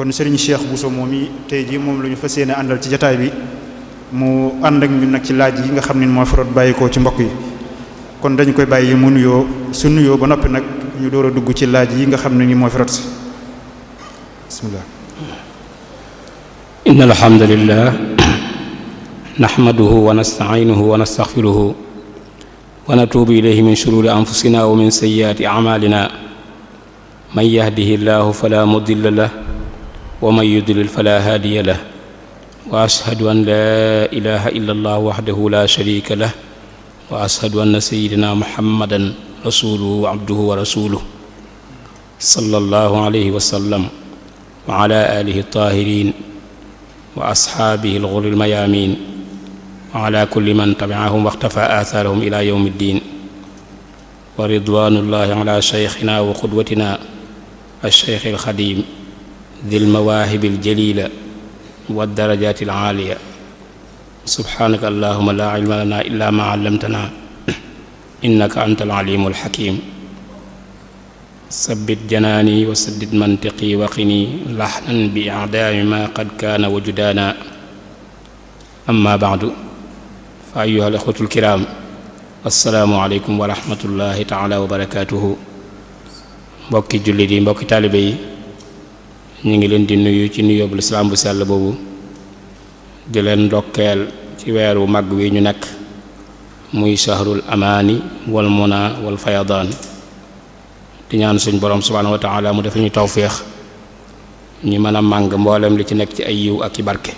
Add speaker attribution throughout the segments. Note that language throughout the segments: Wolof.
Speaker 1: kon Serigne Cheikh Bousso moom i tey jii moom lañu ñu fas yéene àndal ci jataay bi mu àndak ak nag ci laaj yi nga xam ne moo faroot bàyyikoo ci mbokk yi kon dañu koy bàyyi mu nuyoo su nuyoo ba noppi nag ñu door a dugg ci laaj yi nga xam ne ni moo faroot si
Speaker 2: bismillah inna alhamdulillah nahmaduhu wa nasta'inuhu wa nastaghfiruhu wa natuubu ilayhi min shururi anfusina wa min sayyiati a'malina man yahdihi llahu fala mudilla lahu ومن يضلل فلا هادي له وأشهد أن لا إله إلا الله وحده لا شريك له وأشهد أن سيدنا محمدا رسوله عبده ورسوله صلى الله عليه وسلم وعلى آله الطاهرين وأصحابه الغر الميامين وعلى كل من تبعهم واختفى آثارهم إلى يوم الدين ورضوان الله على شيخنا وقدوتنا الشيخ الخديم dil mawaahibi aljalila wa darajaati alaaliya subhaanaka allahuma laa ilma lana illa ma allamtana innaka anta alalimu alxakim sabbit janaani wa saddid mantiqi waqini laxnan bi idaami ma qad kaana wajudaana amma baadu fa ayuha al ixwatu alkiraam assalaamu aleykum wa rahmatullahi taala wa barakaatuhu mbokki jullit yi mbokki taalibe yi ñu ngi leen di nuyu ci nuyoo bu lislaam bu sell boobu di leen ndokkeel ci weeru màgg wi ñu nekk muy sahrul amaani wal muna wal fayadaan di ñaan suñ borom subhaanahu wa mu defal ñu tawféex ñu mën a màng mboolem li ci nekk ci ay yiw ak ci barke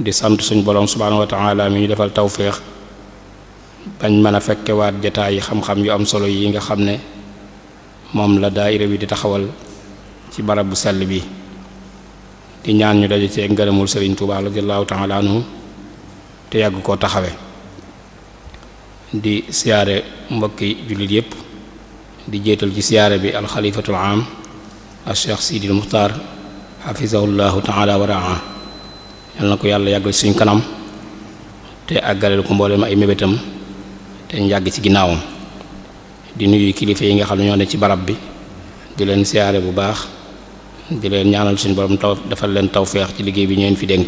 Speaker 2: di sant suñ borom subhaanahu wa taala mi ñu defal tawféex bañ mën a fekkewaat jataay yi xam-xam yu am solo yi nga xam ne moom la daayira bi di taxawal ci barab bu sell bi di ñaan ñu daje ci ngërëmul sëriñ Tuubaa radiyallaahu taala anhu te yàgg koo taxawe di siyaare mbokki jullit yépp di jéetal ci siyaare bi alxalifatul am al cheikh sidil muxtaar xafisahullahu taala wa raa na ko yàlla yàggal ci suñ kanam te àggaleel ko mbooleem ay mébétam te njàgg ci ginnaawam di nuyu kilifa yi nga xam ne ñoo ne ci barab bi di leen siyaare bu baax di leen ñaanal suñu borom taw defal leen tawféex ci liggéey bi ñu leen fi dénk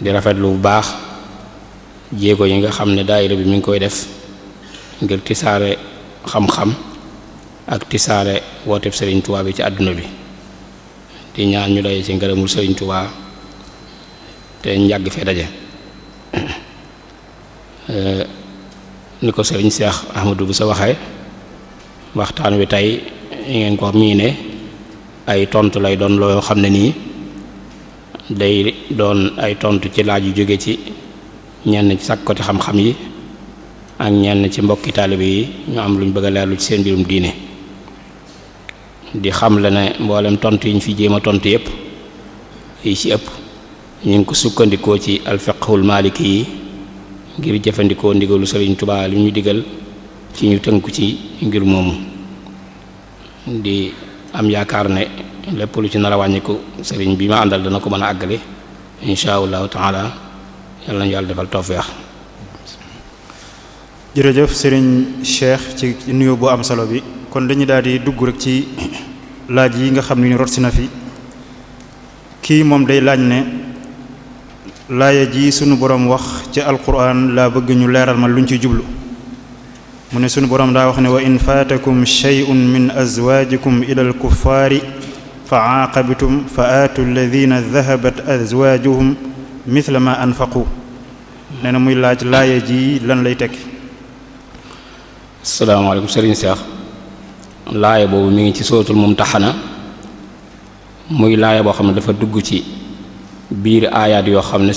Speaker 2: di rafetlu bu baax jéego yi nga xam ne daayira bi mi ngi koy def ngir tisaare xam-xam ak tisaare wooteeb sëriñ tuwaa bi ci àdduna bi di ñaan ñu daje ci ngërëmul Serigne Touba te njàgg fee daje eh, ni ko Serigne Cheikh Ahmadou bu sa waxee waxtaan wi tey ngeen ko miine ay tontu lay doon loo xam ne nii day doon ay tontu ci laaj yu jóge ci ñenn ci sàkkati xam-xam yi ak ñenn ci mbokki taalibe yi ñu am luñ bëgg a leerlu ci seen mbirum diine di xam la ne mboolem tontu yi ñu fi jéem a tontu yëpp yi ci ëpp ñu ngi ko sukkandikoo ci alfiqhul maliki yi ngir jëfandikoo ndigalu Sëriñ Tuubaa li ñu digal ci ñu tënku ci ngir moomu di am yaakaar ne lépp lu ci nar a wàññiku sëriñ bi ma àndal dana ko mën àggale incha allahu taala yàlla nañu yàlla defal tawfeex jërëjëf sëriñ
Speaker 1: Cheikh ci nuyu bu am solo bi kon dañu daal di dugg rek ci laaj yi nga xam ne ni rot si na fi kii moom day laaj ne laaya ji sunu borom wax ci alquran laa bëgg ñu leeral ma luñ ciy jublu mu ne suñu borom daa wax ne wa in faatakum shay'un min azwaajikum ila alkuffaari fa aaqabtum fa aatu alladina dahabat azwaajuhum mithla ma anfaqu nee na muy laaj laaya ji lan lay tekki
Speaker 2: asalaamaaleykum sëriñ Seex laaya boobu mu ngi ci sootul mumtaxana muy laaya boo xam ne dafa dugg ci biir aayaat yoo xam ne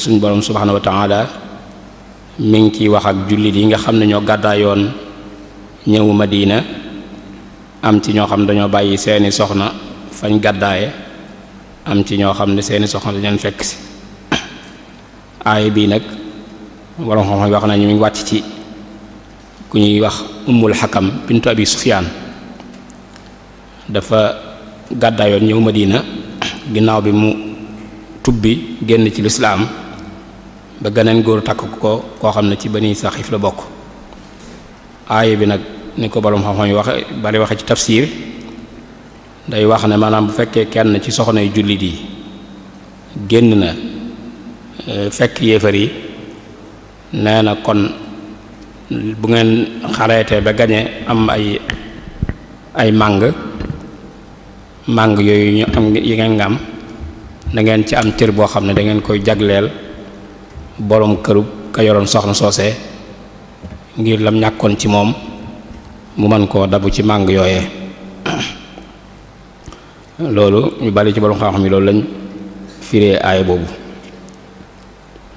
Speaker 2: suñu borom subhaanahu wa mi ngi ciy wax ak jullit yi nga xam ne ñoo gàddaayoon ñëw diina am ci ñoo xam ne dañoo bàyyi seeni soxna fañ gàddaaye am ci ñoo xam ne seeni soxna dañu fekk si aaya bii nag borom xam-xam yi wax nañu mi wàcc ci ku ñuy wax ummul xakam bintu abi sufyaan dafa gàddaayoon ñëw diina ginnaaw bi mu tubbi génn ci lislaam ba geneen góor takk ko koo xam ne ci bani saxif la bokk aaya bi nag ni ko borom xam-xam yi waxe bari waxee ci tafsir day wax ne maanaam bu fekkee kenn ci soxnay jullit yi génn na e, fekk yéefar yi nee na kon bu ngeen xareetee ba gañe am ay ay màng màng yooyu ñu am yi ngeen nga am da ci am cër boo xam ne dangeen koy jagleel boroom kërub ka yoroon soxna soosee ngir lam ñàkkoon ci moom mu mën koo dabu ci màng yooyee loolu ñu bari ci boroom xam-xam yi loolu lañ firee aaya boobu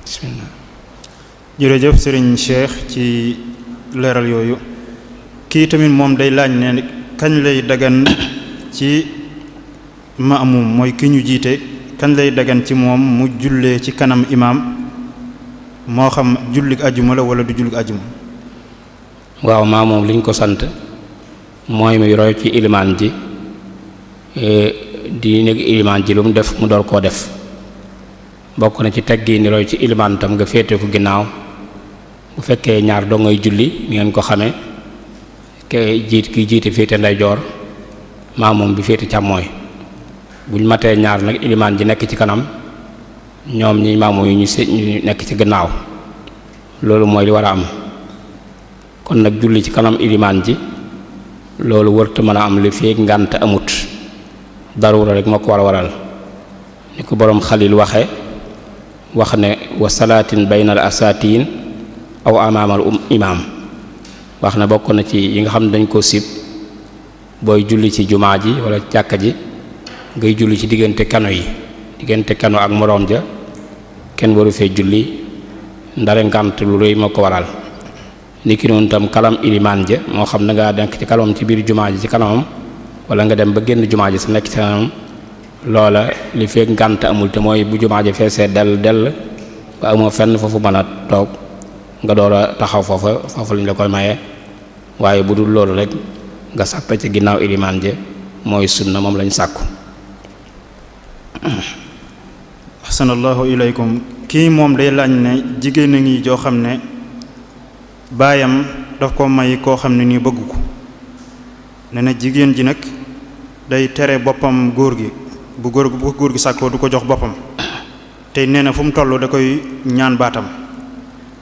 Speaker 2: bismillah
Speaker 1: jërëjëf sëriñ Cheikh ci leeral yooyu kii tamit moom day laaj ne kañ lay dagan ci maamum mooy ki ñu jiite kañ lay dagan ci moom mu jullee ci kanam imaam moo xam jullik ajjuma la wala du jullik ajjuma
Speaker 2: waaw maa moom li ko sant mooy muy roy ci ilimaan ji e, di nekk ilimaan ji lu mu def mu door koo def bokk na ci teggi ni roy ci ilimaan tam nga féete ko ginnaaw bu fekkee ñaar doo ngay julli ni ngeen ko xamee ke jiit ki jiite féete nday joor maa moom bi féete càmmooy buñ matee ñaar nag ilimaan ji nekk ci kanam ñoom ñi maamu yu ñu se ñu nekk ci gannaaw loolu mooy li war a am kon nag julli ci kanam ilimaan ji loolu wërta mën a am li feek ngànt amut darura rek moo ko war a waral ni ko boroom xalil waxe wax ne wa salaatin baynal asaatiin aw amaamal um-, imaam wax ne bokk na ci yi nga xam ne dañ ko sib booy julli ci jumaa ji wala jàkka ji ngay julli ci diggante kano yi diggante kanu ak moroom ja kenn waru fee julli ndare ngànt lu rëy moo ko waral ni ki noonu tam kalam ilimaan ja moo xam ne ngaa denk ci kalamam ci biir jumaa ji ci kanamam wala nga dem ba génn jumaa ji sa nekk ci kanamam loola li fekk ngànt amul te mooy bu jumaa ji feesee dell dell ba amoo fenn foofu mën a toog nga door a taxaw foofa foofu lañ la koy maye waaye bu dul loolu rek nga sàppe ci ginnaaw ilimaan ja mooy sunna moom lañ sàkku ahsanallahu ilaykum
Speaker 1: kii moom day laaj ne jigéen a ngi joo xam ne baayam daf ko may koo xam ne nii bëgg ko ne na jigéen ji nag day tere boppam góor gi bu góor bu góor gi sàkkoo du ko jox boppam te nee na fu mu toll da koy ñaan baatam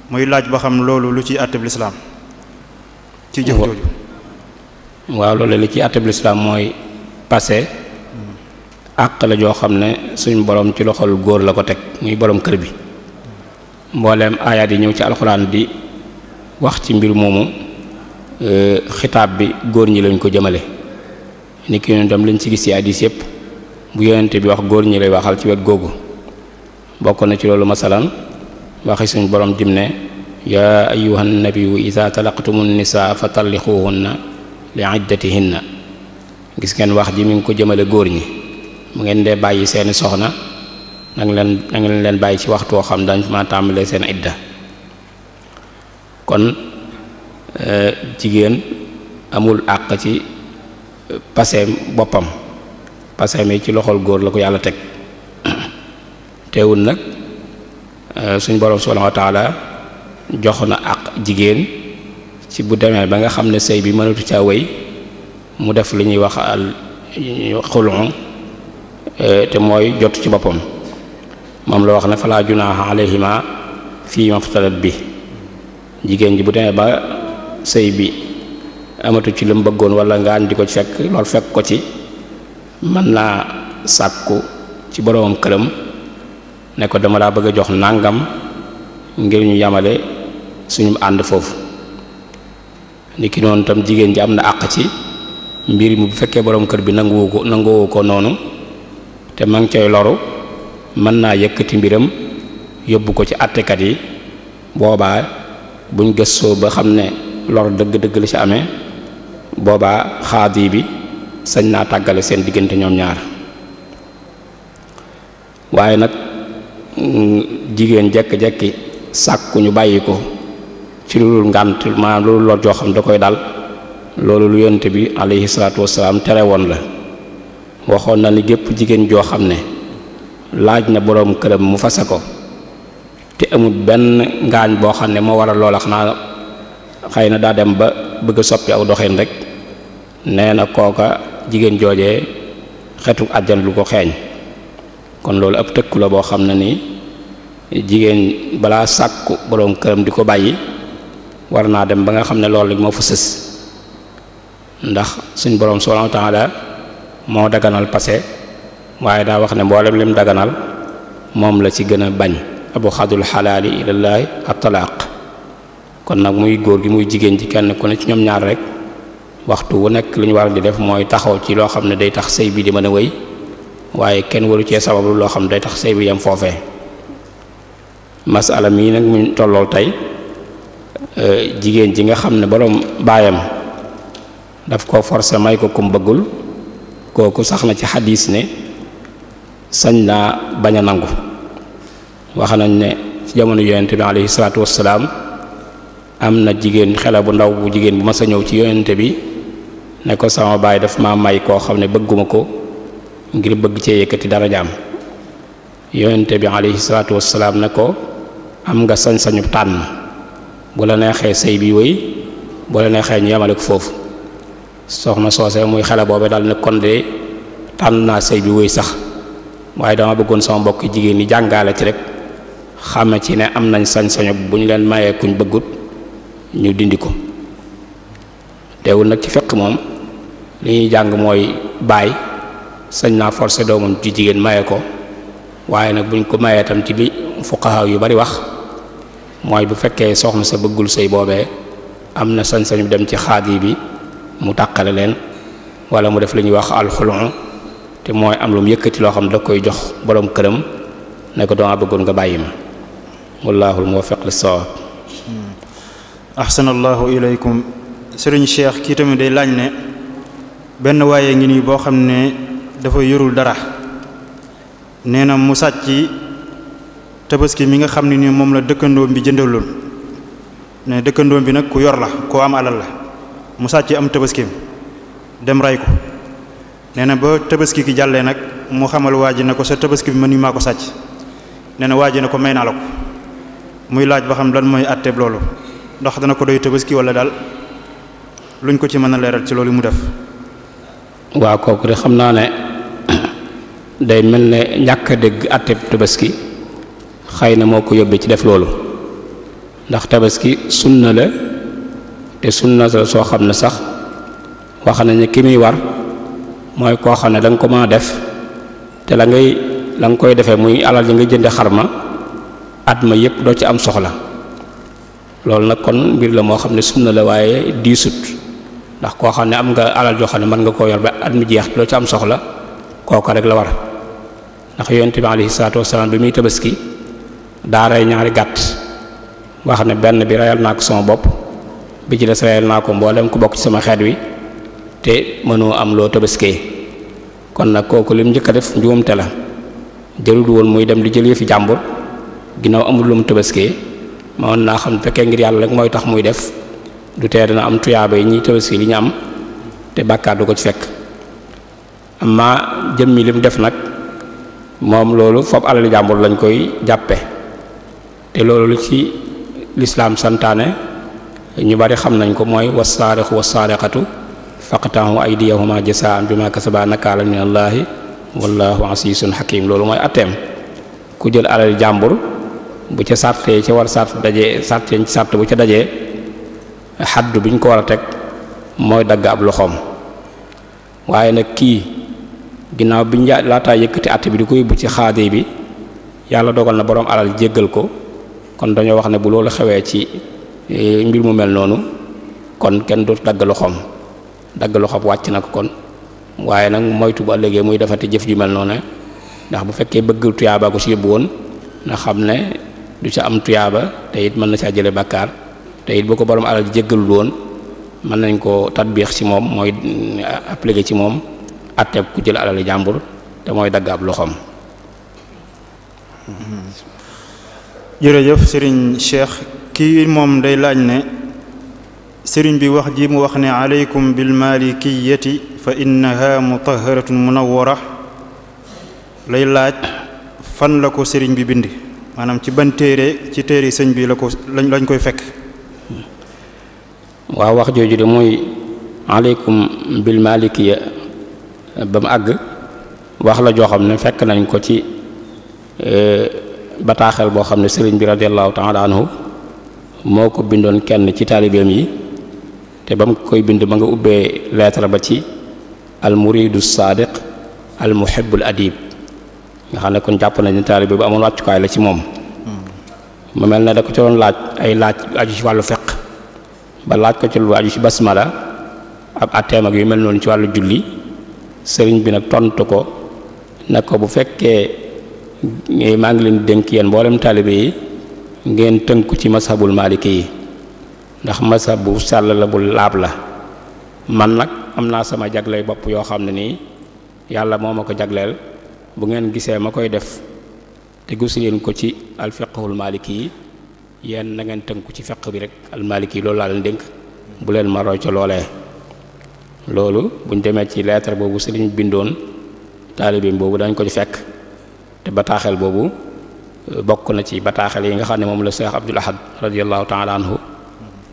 Speaker 1: muy laaj ba xam loolu lu ci àtteb
Speaker 2: ci jëf jooju waaw loolu li ci àtteb mooy passé àq la joo xam ne suñ boroom ci loxol góor la ko teg muy boroom kër bi mbooleem aayaat yi ñëw ci alxuraan di wax ci mbir moomu euh, xitaab bi góor ñi lañ ko jëmale ni ki noonu tam lañ ci gis ci hadiis yépp bu yonente bi wax góor ñi lay waxal ci wet googu bokk na ci loolu masalan waxi suñ borom dim ne yaa ayyuhan nabiyyu idha talaqtumu nisaa fa na li iddatihinna gis ngeen wax ji mi ngi ko jëmale góor ñi mu ngeen dee bàyyi seeni soxna na leen na leen bàyyi ci waxtu woo xam dañ ma tàmbalee seen idda kon euh, jigéen amul àq ci paseem boppam paseem yi ci loxol góor la ko yàlla teg teewul nag euh, suñ borom subhanahu wa taala jox na àq jigéen ci bu demee ba nga xam ne sëy bi mënatu caa wéy mu def li ñuy wax al Eh, te mooy jot ci boppam moom la wax ne falaa junaaha alayhima fii maftalat bi jigéen ji bu demee ba sëy bi amatu ci lu mu bëggoon wala ngaañ di ko ci fekk loolu fekk ko ci mën naa sàkku ci boroomam këram ne ko dama laa bëgg a jox nàngam ngir ñu yamale suñu ànd foofu ni ki noonu tam jigéen ji am na àq ci mbir mi bu fekkee boroom kër bi nanguwu ko nanguwu ko noonu te ma ngi cay loru mën naa yëkkati mbiram yóbbu ko ci àttekat yi booba buñ gëstoo ba xam ne lor dëgg-dëgg la ci amee boobaa xaadi bi sañ naa tàggale seen diggante ñoom ñaar waaye nag mm, jigéen jekki-jekki sàkku ñu bàyyi ko ci loolu ngànt maanaam loolu lor joo xam da koy dal loolu lu yonte bi alayhi salaatu wasalaam tere woon la waxoon na ni gépp jigéen joo xam ne laaj na boroom këram mu fase ko te amul benn ngaañ boo xam ne moo waral loola xanaa xëy na daa dem ba bëgg a soppi aw doxin rek nee na kooka jigéen joojee xetu àjjan lu ko xeeñ kon loolu ab tëkku la boo xam ne ni jigéen balaa sàkku boroom këram di ko bàyyi war naa dem ba nga xam ne loolu moo fa sës ndax suñ boroom subhanahu wa ta'ala moo daganal passé waaye daa wax ne mboolem lim daganal moom la ci gën a bañ abu xadul xalaali ilallaahi atalaaq kon nag muy góor gi muy jigéen ji kenn ku ne ci ñoom ñaar rek waxtu wu nekk li ñu war di def mooy taxaw ci loo xam ne day tax sëy bi di ma a wéy waaye kenn waru cee sabablu loo xam ne day tax sëy bi yam foofee masala mii nag mu tollool tey e, jigéen ji nga xam ne boroom baayam daf ko forcé may ko kum bëggul kooku sax na ci xadis ne sañ naa bañ a nangu wax nañ ne ci jamono yonente bi alayhi salaatu wassalaam am na jigéen xele bu ndaw bu jigéen bu ma sa ñëw ci yonente bi ne ko sama baay dafa ma may koo xam ne bëgguma ko ngir bëgg cee yëkkati dara jaam bi alayhi salaatu wassalaam ne ko am nga sañ-sañu tànn bu la neexee sëy bi wéy bu la neexee ñu yemale ko foofu soox na soose muy xale boobe daal ne kon de tànn naa sëy bi wéy sax waaye dama bëggoon sama mbokki jigéen ñi jàngaale ci rek xame ci ne am nañ sañ-sañu bu ñu leen mayee kuñ bëggut ñu dindi ko teewul nag ci fekk moom li ñuy jàng mooy baay sañ naa forcé doomam ci jigéen maye ko waaye nag buñ ko mayee tam ci li fuqaha yu bari wax mooy bu fekkee soox soxna sa bëggul sëy boobee am na sañ-sañu dem ci xaadi bi mu tàqale leen wala mu def li ñuy wax alxulon te mooy am lu mu yëkkati loo xam ne da koy jox borom këram ne ko dama bëggoon nga bàyyi ma wallaahul muwaffiq lis sawaab ahsanallahu ilaykum
Speaker 1: sëriñ Cheikh kii tamit day laaj ne benn waaye ngi nii boo xam ne dafa yorul dara nee na mu sàcc tabaski mi nga xam ne ni moom la dëkkandoom bi jëndaloon ne dëkkandoom bi nag ku yor la koo am alal la mu sàccee am tabaskeem dem ray ko nee na ba tabaski ki jàllee nag mu xamal waa ji ne ko sa tabaski bi man maa ko sàcc nee na waa ji ne ko may naa la ko muy laaj ba xam lan mooy àtteeb loolu ndax dana ko doy tabaski wala daal
Speaker 2: luñ ko ci mën a leeral ci loolu mu def. waa kooku de xam naa ne day mel ne ñàkk a dégg àtteeb tabaski xëy na moo ko yóbbee ci def loolu ndax tabaski sunna la. te sunna la soo xam ne sax wax ne ki muy war mooy koo xam ne danga ko mën def te la ngay la nga koy defee muy alal yi nga jënde ma at ma yépp doo ci am soxla loolu nag kon mbir la moo xam ne na la waaye diisut ndax koo xam ne am nga alal joo xam ne mën nga koo yor ba at mu jeex doo ci am soxla kooka rek la war ndax yonent bi alayhi salaatu wasalaam bi muy tabaski daa rey ñaari gàtt wax ne benn bi reyal naa ko sama bopp bi ci des reyal naa ko mboolem ku bokk ci sama xeet wi te mënoo am loo tabaskee kon nag kooku lim njëkk a def njuumte la jërul woon muy dem di jël yëfi jàmbur ginnaaw amul lu mu tabaskee mën naa xam fekkee ngir yàlla rek mooy tax muy def du tee dana am tuyaaba yi ñuy tabaski li ñu am te bàkkaar du ko ci fekk amma mi lim def nag moom loolu foofu alal jàmbur lañ koy jàppe te loolu ci lislaam santaane ñu bari xam nañ ko mooy wasaariqu wasaariqatu faqta'u aydiyahuma jazaa'an bima kasaba nakaalan min allahi wallahu asiisun hakim loolu mooy atteem ku jël alal jàmbur bu ca sàrtee ca war sàrt dajee sàrt yañ sàrt bu ca dajee xaddu bi ñu ko war a teg mooy dagg ab loxoom waaye nag kii ginnaaw bi ñu laataa yëkkati att yàlla dogal na boroom alal jéggal ko kon dañoo wax ne bu loolu xewee ci Eh, mbir mu mel noonu kon kenn du dagg loxoom dagg loxoom wàcc na ko kon waaye nag moytu bu ëllëgee muy te jëf ju mel noonu ndax bu fekkee bëgg tuyaaba ko si yóbbu woon na xam ne du ca am tuyaaba te it mën na saa jële bàkkaar te it bu ko borom alal jéggalul woon mën nañ ko tatbiix ci moom mooy eh, appliqué ci moom atteb ku jël alal jàmbur te mooy dagg ab loxoom
Speaker 1: jërëjëf Serigne Cheikh kii moom day laaj ne sëriñ bi wax ji mu wax ne aleykum bilmalikiyati fa innaha mutaharatun munawwara lay laaj fan la ko sëriñ bi bind maanaam ci ban téere ci téere sëñ bi la ko lañ koy fekk
Speaker 2: waaw wax jooju de mooy aleykum bilmalikiya ba mu àgg wax la joo xam ne fekk nañ ko ci eh, bataaxel boo xam ne sëriñ bi radiallahu taala anhu moo ko bindoon kenn ci taalibeem yi te ba mu koy bind ma nga ubbee lettre ba ci al muridu saadiq al muhibbul adib nga xam ne kon jàpp nañ ne taalibe bu amoon wàccukaay la ci moom mu mel na da ko ci doon laaj ay laaj aju ci wàllu feq ba laaj ko ci lu aju ci basmala ab atteem ak yu mel noonu ci wàllu julli sëriñ bi nag tontu ko ne ko bu fekkee maa ngi leen dénk yéen mboolem taalibe yi ngeen tënku ci mashabul maliki yi ndax mashab bu sell la bu laab la man nag am naa sama jagley bopp yoo xam ne nii yàlla moo ma ko jagleel bu ngeen gisee ma koy def te gusi leen ko ci alfiqhul maliki yi yéen na ngeen tënku ci fiqh bi rek almaliki yi loolu laa leen dénk bu leen ma ca loolee loolu buñ demee ci lettre boobu sëriñ bindoon taalibeem boobu dañ ko ci fekk te bataaxel boobu bokk na ci bataaxal yi nga xam ne moom la Cheikh Abdul Ahad radiyallahu taala anhu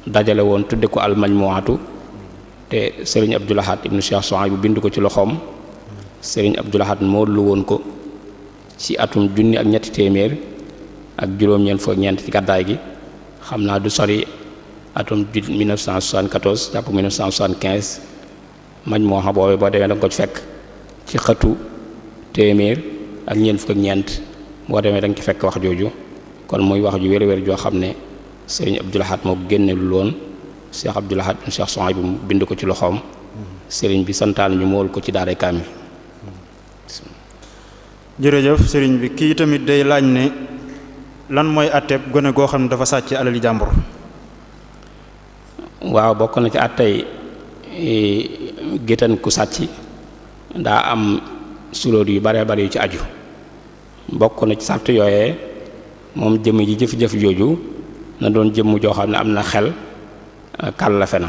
Speaker 2: dajale woon tudd ko waxatu te Serigne Abdul Ahad ibnu Cheikh Souhaïbou bu bind ko ci loxoom Serigne Abdul Ahad moo lu woon ko ci atum junni ak ñetti téeméer ak juróom-ñeent fukk ñeent ci gàddaay gi xam naa du sori atum 1974 jàpp 1975 majmuwa boobee boo demee danga ko fekk ci xëtu téeméer ak ñeent fukk ak ñeent boo demee da nga ci fekk wax jooju kon muy wax ju wér-wér joo xam ne sëriñ ab Ahad moo génne lu loon Cheikh Abdul bi bin Cheikh Souhaïbou bi mu bind ko ci loxoom sëriñ bi santaan ñu mool ko ci daara kaamil
Speaker 1: jërëjëf sëriñ bi kii tamit day laaj ne lan mooy àtteeb gone goo xam ne dafa sàcc alali jàmbur
Speaker 2: waaw bokk na ci àttey e, géttan ku sàcc daa am suloot yu bare bare yu ci aju bokk na ci sart yooye moom jëmm ji jëf-jëf jooju na doon jëmm joo xam ne am na xel euh, kàllafe na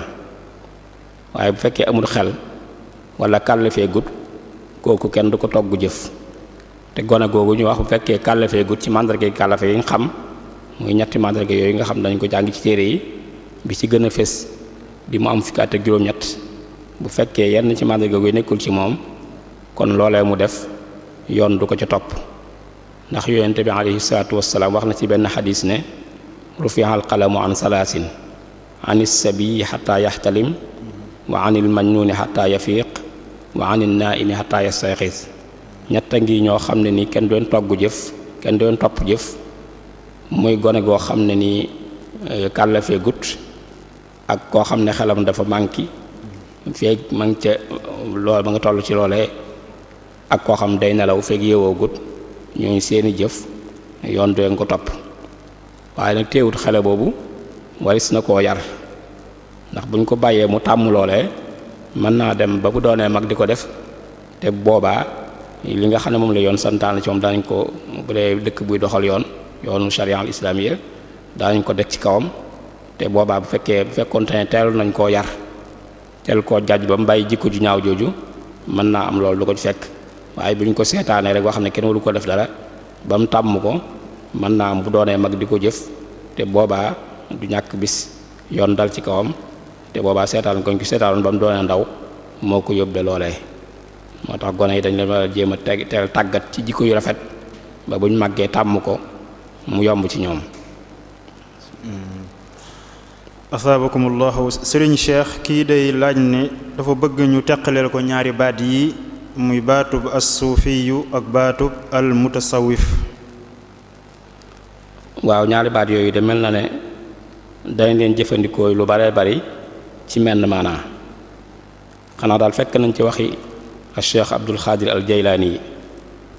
Speaker 2: waaye bu fekkee amul xel wala kàllafee gut kooku kenn du ko togg jëf te gone googu ñu wax bu fekkee kàllafee gut ci mandarga kàllafe yi nga xam muy ñetti mandarga yooyu nga xam dañ ko jàng ci téere yi bi ci gën a fés di mu am fukki at juróom-ñett bu fekkee yenn ci mandarga googu nekkul ci moom kon loolee mu def yoon du ko ca topp ndax yonente bi alayhi salaatu wassalaam wax na ci benn xadis ne rufial qalamu an salaasin an sabiyi xataa yaxtalim wa an il majnuuni xataa yafiiq wa an il naaimi xataa yastayxis ñett a ngi ñoo xam ne ni kenn doon togg jëf kenn doon topp jëf muy gone goo xam ne ni eh, kàllafee gut ak koo xam ne xelam dafa manki feeg ma ngi ca lool ma nga toll ci loolee ak koo xam day nelaw feeg yeewoo gut ñooñu seeni jëf yoon doon ko topp waaye nag teewut xale boobu waris na koo yar ndax buñ ko bàyyee mu tàmm loolee mën naa dem ba bu doonee mag di ko def te boobaa li nga xam ne moom la yoon santaane ci moom danañ ko bu dee dëkk buy doxal yoon yoonu charia al islamiyya danañ ko def ci kawam te boobaa bu fekkee bu fekkoonte ne teel nañ koo yar teel koo jaaj ba mu bàyyi jikko ju ñaaw jooju mën naa am loolu du ko ci fekk waaye bu ñu ko seetaanee rek wax ne kenn waru ko def dara ba mu tàmm ko mën naa am bu doonee mag di ko jëf te boobaa du ñàkk bis yoon dal ci kawam te booba seetaan koñ ko seetaanoon ba mu doonee ndaw moo ko yóbbee loole moo tax gone yi dañ leen war a jéem a teg teel tàggat ci jikko yu rafet ba bu ñu màggee tàmm ko mu yomb ci ñoom hmm. asaabakumullahu sëriñ
Speaker 1: Cheikh kii day laaj ne dafa bëgg ñu teqaleel ko ñaari baat yi muy baatub assuufiyu ak baatub almutasawif
Speaker 2: waaw ñaari baat yooyu de mel na ne dañ leen jëfandikoo lu baree bari ci menn maanaa xanaa daal fekk nañ ci waxi al cheikh abdul xaadir al jaylaani yi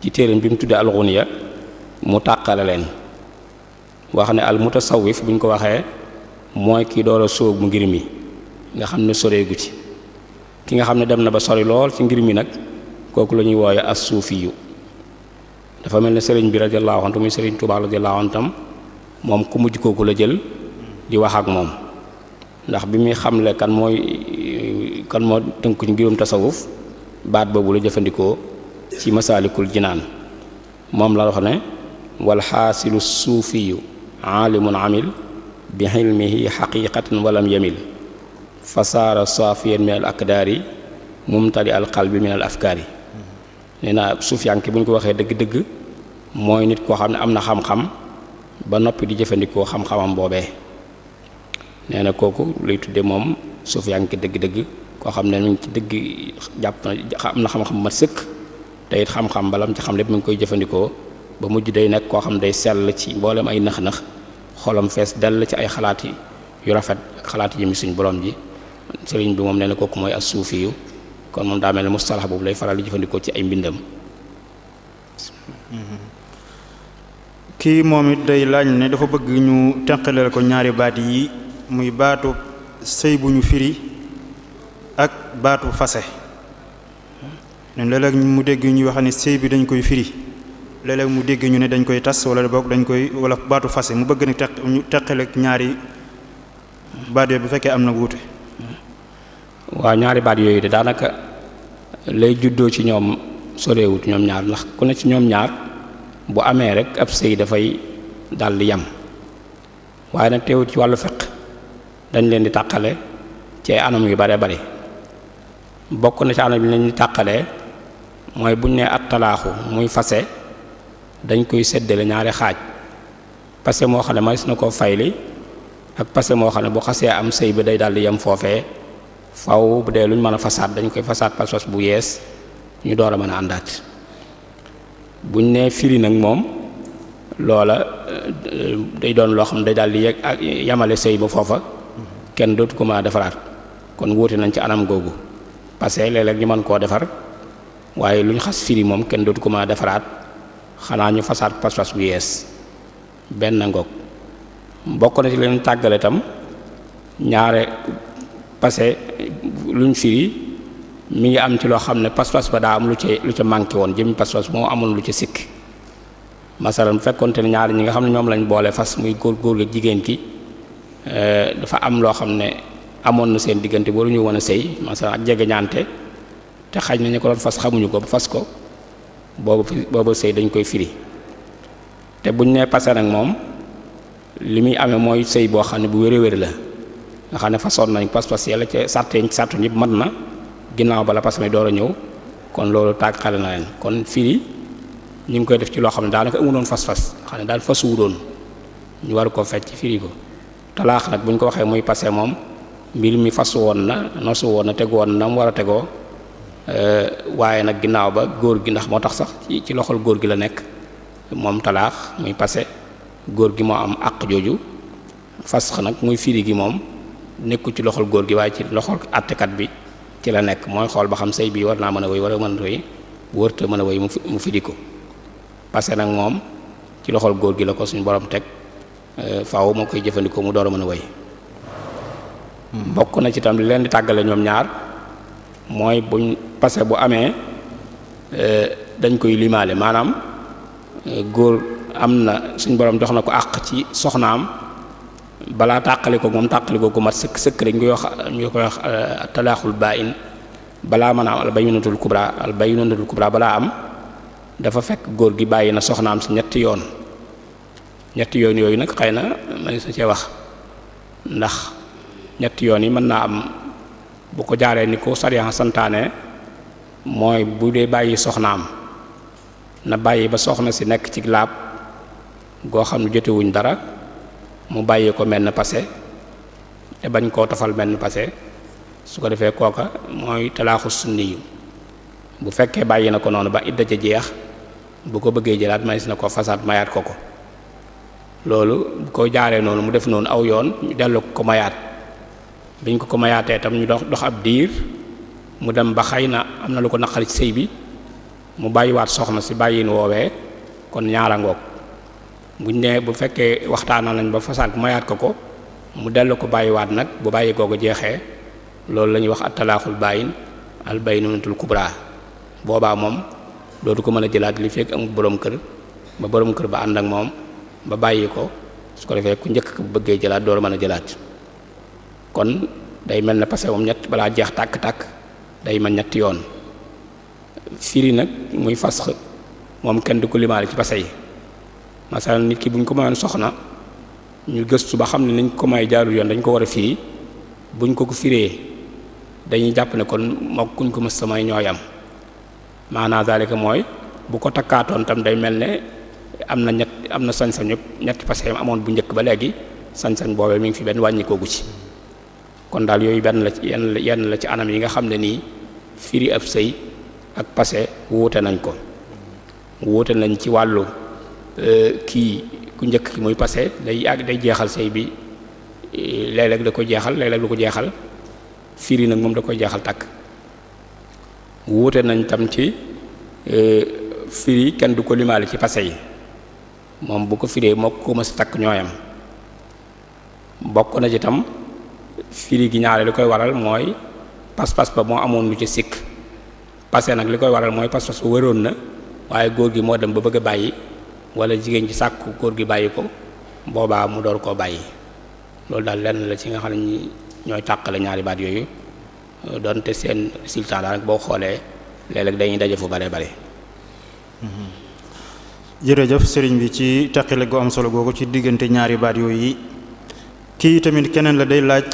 Speaker 2: ci téereem bi mu tuddee al ghuniya mu tàqale leen wax ne al mutasawif bu ñu ko waxee mooy kii door a sóob ngir mi nga xam ne soreegu ci ki nga xam ne dem na ba sori lool ci ngir mi nag kooku la ñuy wooye as dafa mel ne sëriñ bi radiyallahu anhu muy sëriñ Tuubaa radiyallahu anhu tam moom ku mujj kooku la jël di wax ak moom ndax bi muy xamle kan mooy kan moo tënk ci ngirum tasawuf baat boobu la jëfandikoo ci masaalikul jinaan moom la wax ne wal xaasilu suufiyu aalimun amil bi xilmihi xaqiqatan walam yamil fasaara saafiyan min al akdaari mumtali al qalbi min al afkaari nee naa suufiyanke bu ñu ko waxee dëgg-dëgg mooy nit koo xam ne am na xam-xam ba noppi di jëfandikoo xam-xamam boobee nee na kooku luy tuddee moom suufiyanke dëgg-dëgg koo xam ne mu ci dëgg jàpp na am na xam-xam ma sëkk te it xam-xam balam ci xam lépp mu ngi koy jëfandikoo ba mujj day nekk koo xam day sell ci mbooleem ay nax-nax xolam fees dell ci ay xalaati yu rafet ak xalaat yi mi suñ borom ji sëriñ bi moom nee na kooku mooy as suufi kon moom daa mel ne mustalax boobu lay faral di jëfandikoo ci ay mbindam. kii moom it day laaj
Speaker 1: ne dafa bëgg ñu tenqaleel ko ñaari baat yi muy baatu sëy bu ñu firi ak baatu fase ne léeg mu dégg ñu wax ne sëy bi dañ koy firi léeg mu dégg ñu ne dañ koy tas wala boog dañ koy wala baatu fase mu bëgg ne teq ñu teqaleeg ñaari baat yooyu bu fekkee am na wuute.
Speaker 2: waaw ñaari baat yooyu de daanaka lay juddoo ci ñoom sorewut ñoom ñaar ndax ku ne ci ñoom ñaar bu amee rek ab sëy dafay daldi yam waaye na teewut ci wàllu fiq dañ leen di tàqale ci ay anam yu bare bari bokk na ci anam yi leen di tàqalee mooy buñ ne at talaaxu muy fase dañ koy seddale ñaari xaaj pase moo xam ne su na koo fayli ak pase moo xam ne bu xasee am sëy bi day daldi yam foofee faw bu lu ñu mën a fasaat dañ koy fasaat pas-pas bu yees ñu door a mën a àndaat buñ nee firi nag moom loola eh, day doon loo xam ne day daal di yegg ak yamale sëy ba foofa kenn dootu ko mën defaraat kon wuute nañ ci anam googu parce que léeg ñu mën koo defar waaye lu ñu xas firi moom kenn dootu ko mën defaraat xanaa ñu fasaat pas bu yees benn ngoog bokk na ci leen tàggale itam ñaare parce que luñ firi mi ngi am ci loo xam ne pas-pas ba daa am lu ci lu ca manqué woon jëmmi pas-pas moo amoon lu ca sikk masalan bu fekkonte ne ñaari ñi nga xam ne ñoom lañ boole fas muy góor góor gi jigéen ki euh, dafa am loo xam ne amoon na seen diggante boo ñu wan a sëy masalan jege ñaante te xaj na ko doon fas ko fas ko boobu boobu sëy dañ koy firi te buñ nee pase nag moom li muy amee mooy sëy boo xam ne bu wér-wér la nga xam ne façon nañ pas-pas yàlla ca sart yi sartu ñëpp mat na ba la pas may door a ñëw kon loolu tàggale na leen kon firi ñu ngi koy def ci loo xam ne daanaka amuloon fas-fas nga xam ne daal fasuwu doon ñu war koo fecc firi ko talaax nag bu ñu ko waxee muy passé moom mbir mi fas woon na nosu woon na tegu woon na mu war a tegoo euh, waaye nag ginnaaw ba góor gi ndax moo tax sax ci loxol góor gi la nekk moom talaax muy passé góor gi moo am àq jooju fas nag muy firi gi moom nekku ci loxol góor gi waaye ci loxol àttekat bi ci la nekk mooy xool ba xam sëy bii war naa mën a wéy war a mën a wéy bu wërta mën a wéy mu firi ko parce que nag moom ci loxol góor gi la ko suñu borom teg euh, faw moo koy jëfandikoo mu door a mën a wéy hmm. bokk na ci tam li leen di tàggale ñoom ñaar mooy buñ parce que bu amee euh, dañ koy limaale maanaam euh, góor am na suñ borom jox na ko àq ci soxnaam balaa tàqali ko moom tàqali ko gu sëkk sëkk rek ñu wax ñu koy wax euh, talaaxul baain balaa mën a am albayinatul kubra albayinatul kubra balaa am dafa fekk góor gi bàyyi na soxnaam si ñetti yoon ñetti yoon yooyu nag xëy na ma ne wax ndax ñetti yoon yi mën naa am bu ko jaaree ni ko sariya santaane mooy bu dee bàyyi soxnaam na bàyyi ba soxna si nekk ci laab goo xam ne jotewuñ dara mu bàyyi ko menn passé te bañ koo tofal menn passé su ko defee kooka mooy talaaxu sunni bu fekkee bàyyi na ko noonu ba idda ca jeex bu ko bëggee jëlaat manis na ko fasaat mayaat ko ko loolu bu ko jaaree noonu mu def noonu aw yoon ñu dellu ko mayaat biñ ko ko mayaatee tam ñu dox dox ab diir mu dem ba xëy na am na lu ko naqari ci sëy bi mu bàyyiwaat soxna si bàyyin woowee kon ñaara ngoog buñ ne bu fekkee waxtaanoo nañ ba fasaak mayaat ko ko mu dellu ko bàyyiwaat nag bu bàyyi ko jeexee loolu la ñuy wax attalaaxul bàyyin albayyinatul kubra boobaa moom dootu ko mën a jëlaat li fekk amul boroom kër ba borom kër ba ànd ak moom ba bàyyi ko su ko defee ku njëkk bu bëggee jëlaat dootu mën a jëlaat kon day mel ne passé moom ñett balaa jeex tàkk-tàkk day mel ñetti yoon firi nag muy fas moom kenn du ko limaale ci passé yi masalan nit ki bu ñu ko mayoon soxna ñu gëstu ba xam ne nañ ko may jaarul yoon dañ ko war a firi buñ ko ko firee dañuy jàpp ne kon moo kuñ ko mës sa may ñooy am maanaa zalika mooy bu ko takkaatoon tam day mel ne am na ñett am na sañ-sañu ñetti passé amoon bu njëkk ba léegi sañ-sañ boobee mi ngi fi benn wàññi koogu ci kon daal yooyu benn la ci yenn yenn la ci anam yi nga xam ne nii firi ab sëy ak passé wuute nañ ko wuute nañ ci wàllu Euh, kii ku njëkk ki muy passé day yàgg day jeexal sëy bi euh, léeg-léeg da koy jeexal léeg-léeg ko jeexal firi nag moom da koy jeexal takk wuute nañ tam ci euh, firi kenn du ko limaale ci passé yi moom bu ko firee moo ko mës a takk ñooyam bokk na ci tam firi gi ñaare li koy waral mooy pas-pas ba moo amoon lu ci sikk passé nag li koy waral mooy pas-pas ba wëroon na waaye góor gi moo dem ba bëgg a bàyyi wala jigéen ji sàkk góor gi bàyyi ko boobaa mu door koo bàyyi loolu daal lenn la ci nga xam ne ñooy tàqale ñaari baat yooyu doonte seen résultat daal boo xoolee léeg dañuy daje fu bare bare.
Speaker 1: Mm-hmm. jërëjëf sëriñ bi ci taqale gu am solo googu ci diggante ñaari baat yooyu kii tamit keneen la day laaj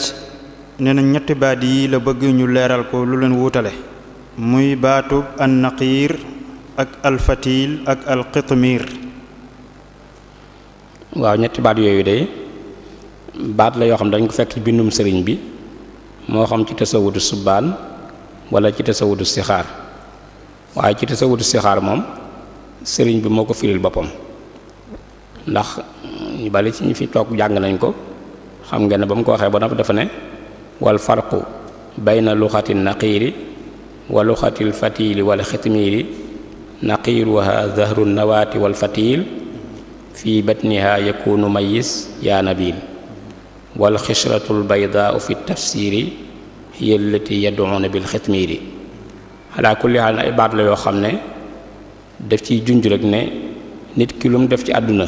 Speaker 1: nee na ñetti baat yi la bëgg ñu leeral ko lu leen wuutale muy baatub an naqiir ak
Speaker 2: alfatil ak alqitmiir waaw ñetti baat yooyu de baat la yoo xam dañ ko fekk ci bindum sëriñ bi moo xam ci tasawudu subbaan wala ci tasawudu sixaar waaye ci tasawudu sixaar moom sëriñ bi moo ko firil boppam ndax ñu bari ci ñu fi toog jàng nañ ko xam ngeen ne ba mu ko waxee ba nopp dafa ne wal farqu bayna luxati naqiiri wa luxati lfatiili wal xitmiiri naqiiruha zahru nawaati wal fatiil fi batniha yakunu mayis yaa nabil wal xishratu lbaydaau fi tafsiri hiya allati yaduuna xitmiiri ala kulli haal ay baat la yoo xam ne def ci junj rek ne nit ki lu mu def ci àdduna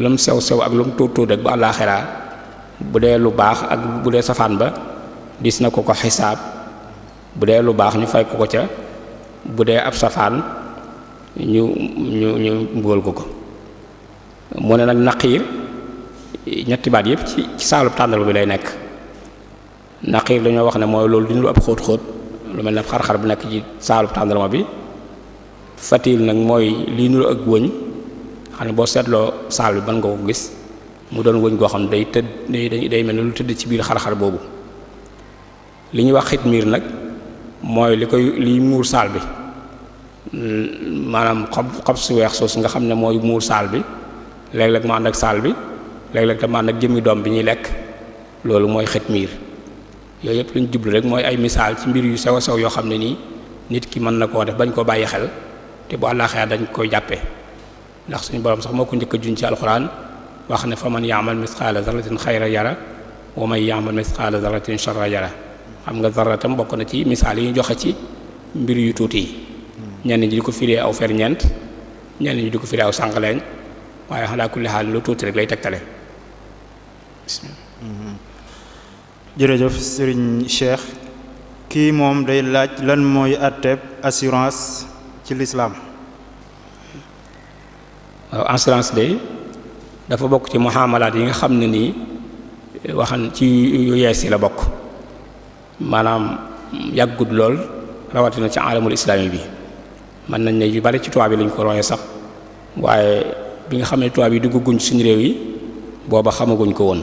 Speaker 2: lu mu sew sew ak lu mu tuut tuut rek ba àllaaxira bu dee lu baax ak bu dee safaan ba dis na ko ko xisaab bu dee lu baax ñu fay ko ko ca bu dee ab safaan ñu ñu ñu mbugal ko ko mu ne nag naqiir ñetti baat yëpp ci ci saalub tàndal bi lay nekk naqiir dañoo wax ne mooy loolu du ñu lu ab xóot-xóot lu mel ne xar-xar bu nekk ci saalub tàndalma bi fatil nag mooy lii nuru ak wëñ xam ne boo seetloo saal bi gis mu doon wëñ goo xam ne day tëdd day day mel ne lu tëdd ci biir xar boobu li ñuy wax xit miir nag mooy li koy liy muur saal bi maanaam xob xob su weex soosu nga xam ne mooy muur saal bi léeg-léeg mu ànd ak saal bi léeg-léeg tam ànd ak jëmmi doom bi ñuy lekk loolu mooy xet miir yooyu yëpp luñ ñu jublu rek mooy ay missaal ci mbir yu sew a sew yoo xam ne nii nit ki mën na koo def bañ koo bàyyi xel te bu àllaaxee dañ koy jàppee ndax suñu borom sax moo ko njëkk a juñ ci alxuraan wax ne fa man yaamal a zarratin xayra yara wa man yaamal misqaala zarratin sharra yara xam nga zarra tam bokk na ci missaal yi ñu joxe ci mbir yu tuuti hmm. ñenn ñi di ko firee aw ferñeent ñenn ñi di ko firee aw sàngaleñ waaye xalaa kulli xaal lu tuuti rek lay tegtale
Speaker 1: bismillah jërëjëf Serigne Cheikh kii moom day laaj lan mooy àtteeb assurance ci lislaam
Speaker 2: assurance de dafa bokk ci muhaamalaat yi nga xam ne nii waxan ci yu yees yi la bokk maanaam yàggut lool rawatina ci alamul islaami bi mën nañ ne yu bari ci tubaab bi lañ ko roye sax waaye bi nga xam ne tubaab yi dugguñ suñu réew yi booba xamaguñ ko woon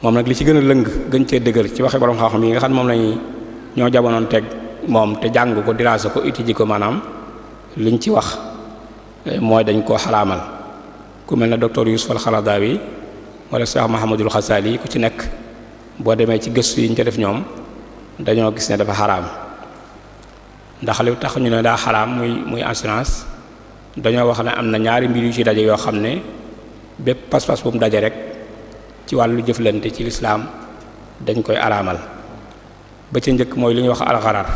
Speaker 2: moom nag li ci gën a lëng gën cee dëgër ci waxe borom xam-xam yi nga xam ne moom lañuy ñoo jamonoon teg moom te jàng ko diraasa ko uti ji ko maanaam liñ ci wax eh, mooy dañ ko xaraamal ku mel ne docteur Yusuf al-Xaradaawi wala Cheikh Mahamadul Xasaali ku ci nekk boo demee ci gëstu yi ñu ca def ñoom dañoo gis ne dafa xaraam ndax li tax ñu ne daa xaraam muy muy assurance dañoo wax ne am na ñaari mbir yu ci daje yoo xam ne bépp pas-pas bu mu daje rek ci wàllu jëflante ci lislaam dañ koy araamal ba ca njëkk mooy li ñuy wax alxarar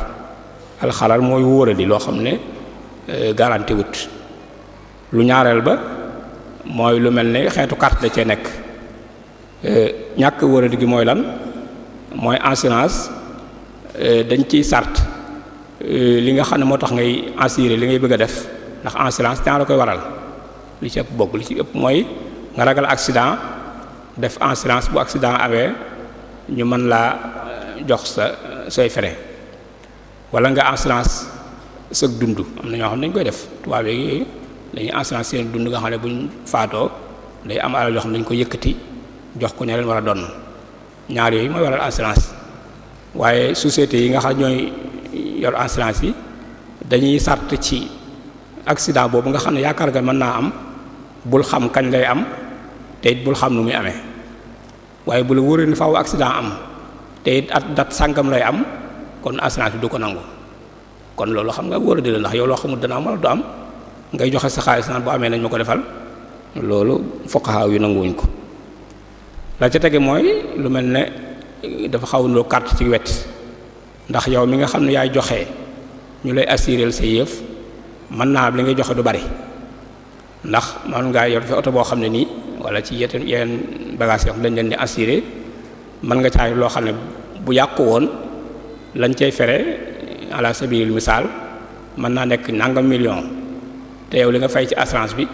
Speaker 2: alxarar mooy wóorali loo xam ne euh, garanti wut lu ñaareel ba mooy lu mel ne xeetu carte da cee nekk euh, ñàkk wóorali gi mooy lan mooy assurance euh, dañ ciy sart li nga xam ne moo tax ngay assurer li ngay bëgg a def ndax en silence temps la koy waral li ci ëpp li ci ëpp mooy nga ragal accident def en bu accident amee ñu man laa euh, jox sa euh, say fere wala nga en silence sëg dund am na ñoo xam ne dañ koy def tubaab yeeg yooyu dañuy en silence seen xam ne buñ faatoo day am alal yoo dañ ko yëkkati jox ko ña leen war a doon ñaar yooyu mooy waral waaye société yi nga xam ñooy yor en yi dañuy sart ci accident boobu nga xam ne yaakaar nga mën naa am bul xam kañ lay am te bul xam nu muy amee waaye bu la wóoree ni faaw accident am te it at dat sàngam lay am kon assurance bi du ko nangu kon loolu xam nga wóor di ndax yow loo xamul dana am wala am ngay joxe sa xaalis naan bu amee nañ ma ko defal loolu fuqaha yu nanguwuñ ko la ca tege mooy lu mel ne dafa xaw noo carte ci wet ndax yow mi nga xam ne yaay joxe ñu lay assuréel sa yëf mën naa am li ngay joxe du bari ndax man ngaa yor fi oto boo xam ne nii wala ci yeten yeneen bagage yoo xam dañ leen di assuré mën nga caay loo xam ne bu yàqu woon lañ cay fere ala sabilil misaal mën naa nekk nangam million te yow li nga fay ci assurance bi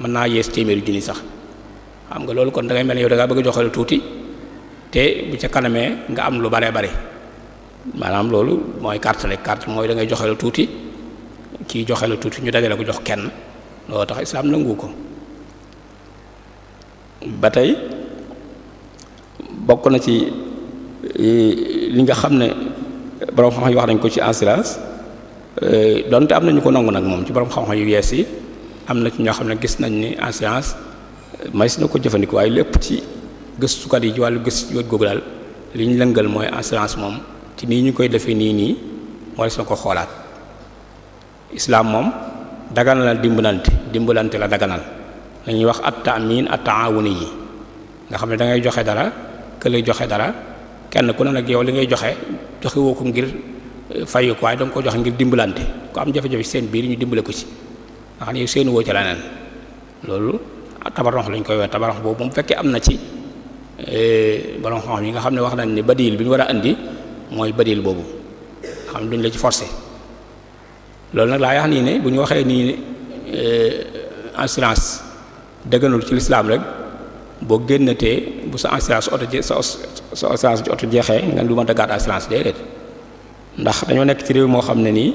Speaker 2: mën naa yees téeméeri junni sax xam nga loolu kon dangay mel ni yow da ngaa bëgg a joxe lu tuuti te bu ca kanamee nga am lu baree bari maanaam loolu mooy carte rek carte mooy da ngay joxe lu tuuti. kii joxe la tuuti ñu dajale ko jox kenn loolu tax islaam nangu ko ba tey bokk na ci e, li nga xam ne borom xam-xam yi wax nañ ko ci ensilage e, donte am nañu ko nangu nag moom ci borom xam-xam yu yees yi am na ci ñoo xam ne gis nañ ni en science may si na ko jëfandikoo waaye lépp ci gëstukat yi ci wàllu gis wet googu daal li lëngal mooy en moom ci nii ñu koy defee nii nii mooy su na ko xoolaat islaam moom daganal dimbalante dimbalante la daganal lañuy wax at taamin at taawuni yi nga xam ne da ngay joxe dara kële joxe dara kenn ku ne nag yow li ngay joxe joxe ko ngir eh, fayu ko waaye danga ko joxe ngir dimbalante ku am jafe-jafe seen biir ñu dimbale ko ci nga xam ne woo ci leneen loolu tabaronx lañ koy wax tabaronx boobu moom fekkee am na ci eh, borom xam yi nga xam ne wax nañ ni badil bi ñu war a indi mooy badil boobu xam ne duñ la ci forcé loolu nag laa wax nii ne bu ñu waxee nii ne eh, assurance dëgganul ci lislaam rek boo génnatee bu sa assurance oto je sa oto jeexee nga du mën a gàtt assurance déedéet ndax dañoo nekk ci réew moo xam ne nii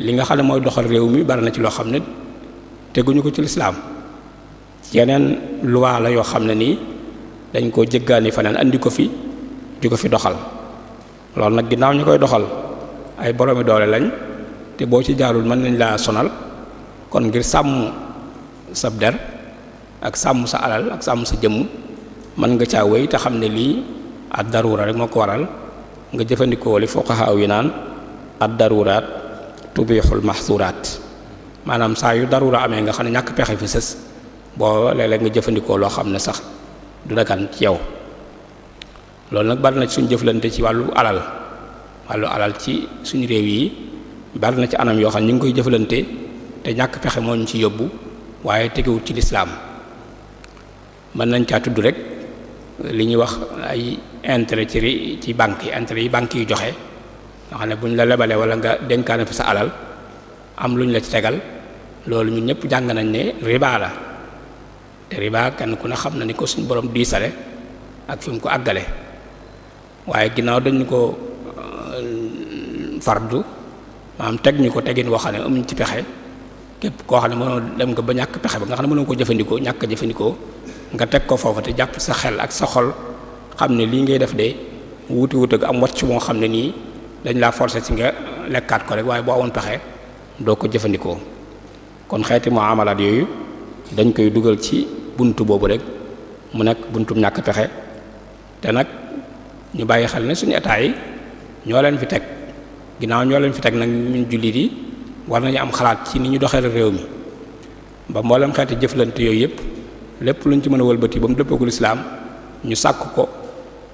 Speaker 2: li nga xam ne mooy doxal réew mi bari na ci loo xam ne teguñu ko ci lislaam yeneen loi la yoo xam ne nii dañ koo jëggaani faneen indi ko fi di ko fi doxal loolu nag ginnaaw ñu koy doxal ay boromi doole lañ te boo ci jaarul mën nañ laa sonal kon ngir sàmm sa der ak sàmm sa alal ak sàmm sa jëmm mën nga caa wéy te xam ne lii ad darura rek moo ko waral nga jëfandikoo li fuqaha yi naan ad daruraat tubixul mahsuraat maanaam saa yu darura amee nga xam ne ñàkk pexe fi sës boo léeg-léeg nga jëfandikoo loo xam ne sax du dagan ci yow loolu nag bari na ci jëflante ci wàllu alal wàllu alal ci suñu réew yi bari na ci anam yoo xam ñu ngi koy jëfalante te ñàkk pexe moo ñu ci yóbbu waaye tegewut ci lislaam mën nañ caa tudd rek li ñuy wax ay intérêt ci ci banques yi intérêt yi banques yi joxe nga xam ne bu ñu la lebalee wala nga dénkaane fi sa alal am lu ñu la ci tegal loolu ñun ñëpp jàng nañ ne riba la te riba kenn ku ne xam na ni ko suñ borom diisale ak fi ko àggale waaye ginnaaw dañu ko euh, fardu maam teg ñu ko tegin woo xam ne amuñ ci pexe képp koo xam ne mënoo dem nga ba ñàkk pexe ba nga xam ne mënoo ko jëfandikoo ñàkk jëfandikoo nga teg ko foofu te jàpp sa xel ak sa xol xam ne lii ngay def de wuti wut ak am wàcc moo xam ne nii dañ laa forcer ci nga lekkaat ko rek waaye boo amoon pexe doo ko jëfandikoo kon xeeti moo amalaat yooyu dañ koy dugal ci bunt boobu rek mu nekk buntum ñàkk pexe te nag ñu bàyyi xel ne suñu état yi ñoo leen fi teg. ginnaaw ñoo leen fi teg nag ñun jullit yi war nañu am xalaat ci ni ñu doxee réew mi ba mboolem xeeti jëflant yooyu yëpp lépp luñ ci mën a wëlbati ba mu dëppoogul islaam ñu sàkk ko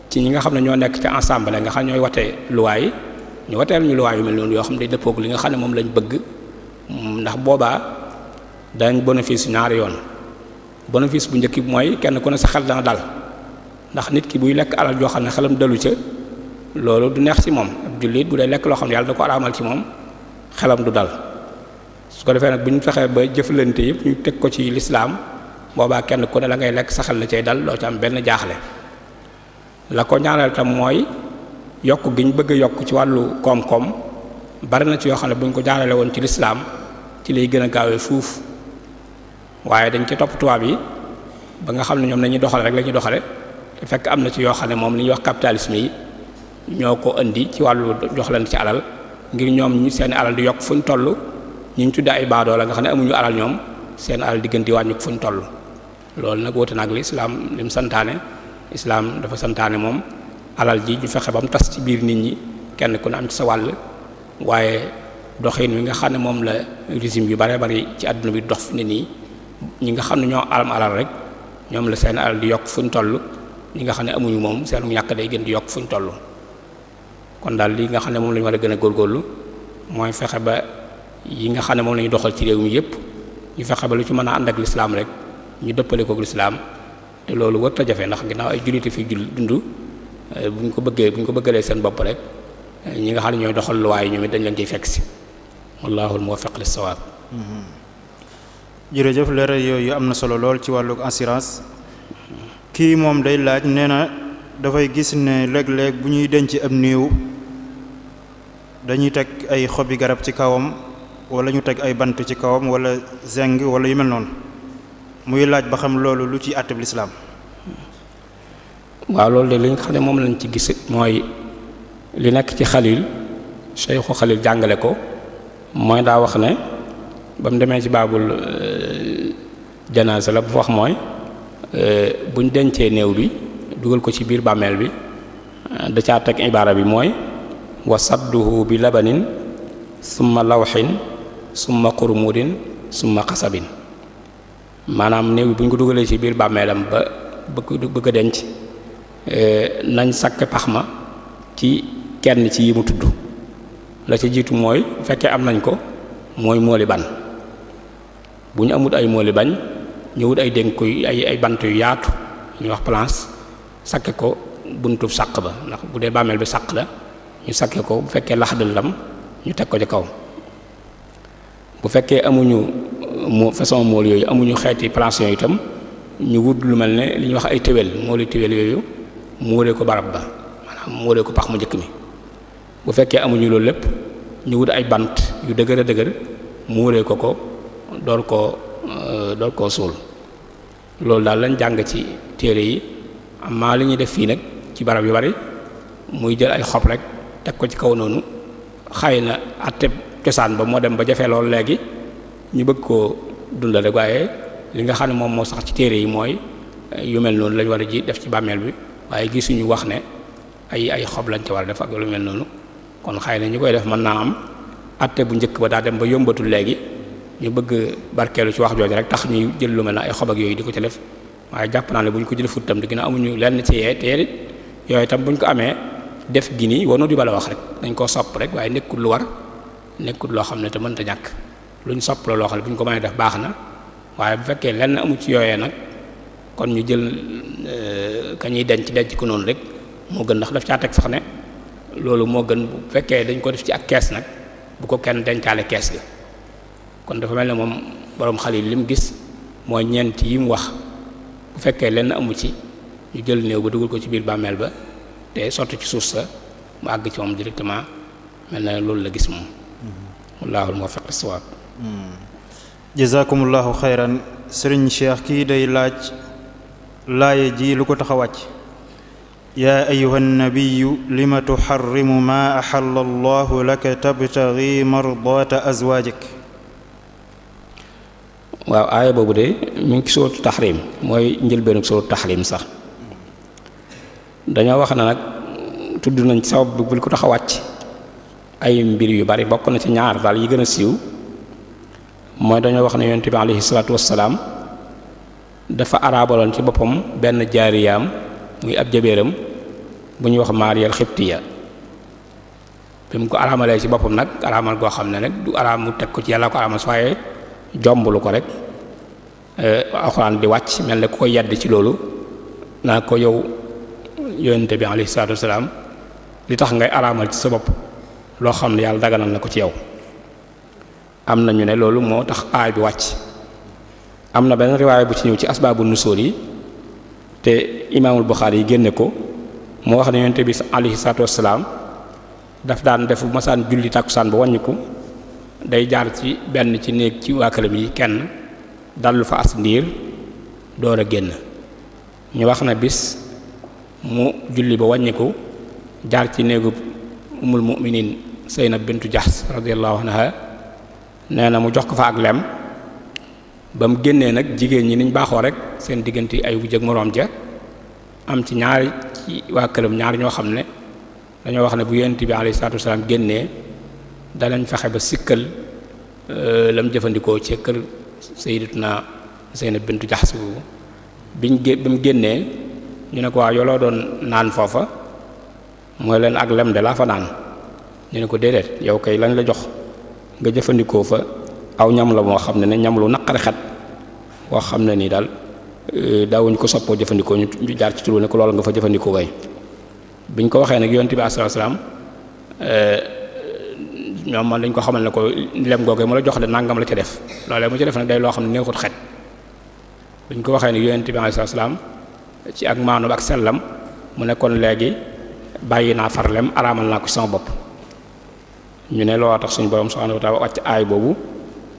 Speaker 2: ci ñi nga xam ne ñoo nekk ci ensemble nga xam ñooy watee luwaa yi ñu lu ñu luwaa yu mel noonu yoo xam ne dëppoog li nga xam ne moom lañu bëgg ndax boobaa dañ bénéfice ñaari yoon bénéfice bu njëkk bi mooy kenn ku ne sa xel dana dal ndax nit ki buy lekk alal joo xam ne xelam dalu ca loolu du neex ci moom ab jullit bu dee lekk loo xam ne yàlla da ko araamal ci moom xelam du dal su ko defee nag bu ñu fexee ba jëflante yëpp ñu teg ko ci lislaam boobaa kenn ku ne la ngay lekk saxal la cay dal loo ci am benn jaaxle la ko ñaanal tam mooy yokk gi ñu bëgg a yokk ci wàllu koom-koom bari na ci yoo xam ne bu ñu ko jaarale woon ci lislaam ci lay gën a gaawee fuuf waaye dañ ci topp tuwaab yi ba nga xam ne ñoom lañuy doxale rek la ñuy doxale te fekk am na ci yoo xam ne moom li ñuy wax capitalisme yi ñoo ko indi ci wàllu jox leen ci alal ngir ñoom ñu seen alal di yokk fu ñu toll ñu ñu tuddee la nga xam ne amuñu alal ñoom seen alal di gën di wàññi ñu toll loolu nag wóote nag li lim santaane islaam dafa santaane moom alal ji ñu fexe ba mu tas ci biir nit ñi kenn ku ne am sa wàll waaye doxin wi nga xam ne moom la régime yu bare bari ci àdduna bi dox fi ne nii ñi nga xam ne ñoo alam alal rek ñoom la seen alal di yokk fu ñu toll ñi nga xam ne amuñu moom seen ñàkk day gën di yokk fu ñu toll kon daal li nga xam ne moom la war a gën a góorgóorlu mooy fexe ba yi nga xam ne moom lañu doxal ci réew mi yépp ñu fexe ba lu ci mën a ànd ak lislaam rek ñu dëppale kook lislaam te loolu warut jafe ndax ginnaaw ay julliti fi jul dund eh, bu ñu ko bëggee bu ñu ko bëggalee seen bopp rek eh, ñi nga xam ne ñooy doxal luwaay ñoom it dañ leen ciy fekk si wallaahu al-muwaffiq lis-sawaab mm-hmm. jërëjëf yooyu am na solo lool ci wàllu assurance
Speaker 1: kii moom day laaj nee na dafay gis ne léeg-léeg bu ñuy denc ab néew dañuy teg ay xobi garab ci kawam wala ñu teg ay bant ci kawam walla zeng wala yu mel noonu muy laaj ba xam loolu lu ci
Speaker 2: àtteb lislaam waaw loolu de li nga xam ne moom lañ ci gis mooy li nekk ci xalil Seexu xalil jàngale ko mooy daa wax ne ba mu demee ci baabul euh, janaasa la bu wax mooy euh, buñ dencee néew bi dugal ko ci biir bàmmeel bi euh, da caa teg ibaara bi mooy wa sadduhu bi labanin summa lawxin summa xurmuudin summa xasabin maanaam néew bu ñu ko dugalee ci biir bàmmeelam ba bëgg a denc eh, nañ sakk pax ma ci kenn ci yi mu tudd la ci jiitu mooy bu fekkee am nañ ko mooy mooli ban bu ñu amut ay mooli bañ ñu ay dénk koy ay ay bant yu yaatu ñu wax planche sakk ko buntub sàq ba ndax bu dee bàmmeel bi sàq la ñu sakke ko bu fekkee laxdul lam ñu teg ko ci kaw bu fekkee amuñu moo façon mool yooyu amuñu xeeti place itam ñu wut lu mel ne li ñuy wax ay téwél moolu téwél yooyu muuree ko barab ba maanaam muuree ko pax mu njëkk mi bu fekkee amuñu loolu lépp ñu wut ay bant yu dëgër a dëgër muuree ko ko door ko euh, door koo suul loolu daal lañ jàng ci téere yi amaa li ñuy def fii nag ci barab yu bari muy jël ay xob rek teg ko ci kaw noonu xay na àtte cosaan ba moo dem ba jafe lool léegi ñu bëgg koo dundal rek waaye li nga xam ne moom moo sax ci téere yi mooy eh, yu mel noonu lañ war a ji def ci bàmmeel bi waaye gisuñu wax ne ay ay xob lañ ci war a def ak lu mel noonu kon xay na ñu koy def mën naa am àtte bu njëkk ba daa dem ba yombatul léegi ñu bëgg barkeelu ci wax jooju rek tax ñuy jël lu mel ne ay xob yooyu di ko ci def waaye jàpp naa ne bu ñu ko jël fut tam di gën a amuñu lenn ci yee te yooyu tam ñu ko amee. def gi nii wonu di bala wax rek dañ koo sopp rek waaye nekkut lu war nekkul loo xam ne te mënta ñàkk luñ sopp la loo xam ne bu ñu ko mënee def baax na waaye bu fekkee lenn amu ci yooyee nag kon ñu jël euh, ka ñuy denc denc ko noonu rek moo gën ndax daf caa teg sax ne loolu moo gën bu fekkee dañ ko def ci ak kees nag bu ko kenn dencaale kees ga kon dafa mel ne moom borom li mu gis mooy ñeent yi mu wax bu fekkee lenn amu ci ñu jël néew ba dugal ko ci biir bàmmeel ba te sotti ci suuf sa mu àgg ci moom directement mel na loolu la gis moom wallaahul muwaffiq as-sawaab
Speaker 1: jazakumullahu xayran sëriñ cheikh kii day laaj laaye ji lu ko tax a wàcc yaa ayuha nabiyu lima tuxarrimu maa axalla allahu laka tabtaxi
Speaker 2: waaw aaya boobu de mu ngi ci sóotu taxrim mooy njëlbeenu sóotu taxrim sax dañoo wax na nag tudd nañ sabab bu bul ko tax a wàcc ay mbir yu bari bokk na ci ñaar daal yi gën a siiw mooy dañoo wax ne yonent bi alayhi salaatu dafa araabaloon ci boppam benn jaariyaam muy ab jabéeram bu ñuy wax maariyal xibtiya bi mu ko araamalee ci boppam nag araamal goo xam ne nag du araam mu teg ko ci yàlla ko araamal waaye jomblu ko rek eh, alxuraan di wàcc mel ne ku ko yedd ci loolu naa ko yow yonente bi alayhi salaatu salaam li tax ngay araamal ci sa bopp loo xam ne yàlla daganal na ko ci yow am na ñu ne loolu moo tax aay bi wàcc am na benn riwaay bu ci ñëw ci asbaabu nusuul yi te imaamul Buxaari yi génne ko moo wax ne yonente bi alayhi salaatu salaam daf daan def masaan julli tàkkusaan ba ko day jaar ci benn ci néeg ci waa yi kenn dallu fa as ndiir door a génn ñu wax na bis mu julli ba wàññiku jaar ci néegub umul muminin Seynab bintu Jaxs radiyallahu anha nee na mu jox ko fa ak lem ba mu génnee nag jigéen ñi niñ baaxoo rek seen diggante ay wujj moroom ja am ci ñaar ci waa këram ñaar ñoo xam ne dañoo wax ne bu yonent bi alayhi salaatu wasalaam génnee danañ fexe ba sikkal euh, lam jëfandikoo ci kër na Seynab bintu Jaxs boobu biñ génnee ñu ne ko waaw yooloo doon naan foofa mooy leen ak lem de laa fa naan ñu ne ko déedéet yow kay lañ la jox nga jëfandikoo fa aw ñam la moo xam ne ne ñam lu naqari xet boo xam ne nii daal euh, daawuñ ko soppoo jëfandikoo ñu jaar ci turu ne ko loolu nga fa jëfandikoo way biñ ko waxee nag yonent bi sallallahu alayhi wasallam euh, dañ ko xamal ne ko lem googu mu la jox de nangam la ci def loolee mu ci def nag day loo xam ne neexut xet biñ ko waxee nag yonent bi sallallahu alayhi wasallam ci ak maanum ak sellam mu nekkoon léegi bàyyi naa farlem araamal naa ko sama bopp ñu ne loo tax suñu borom subhanahu wa ta'ala wàcc aay boobu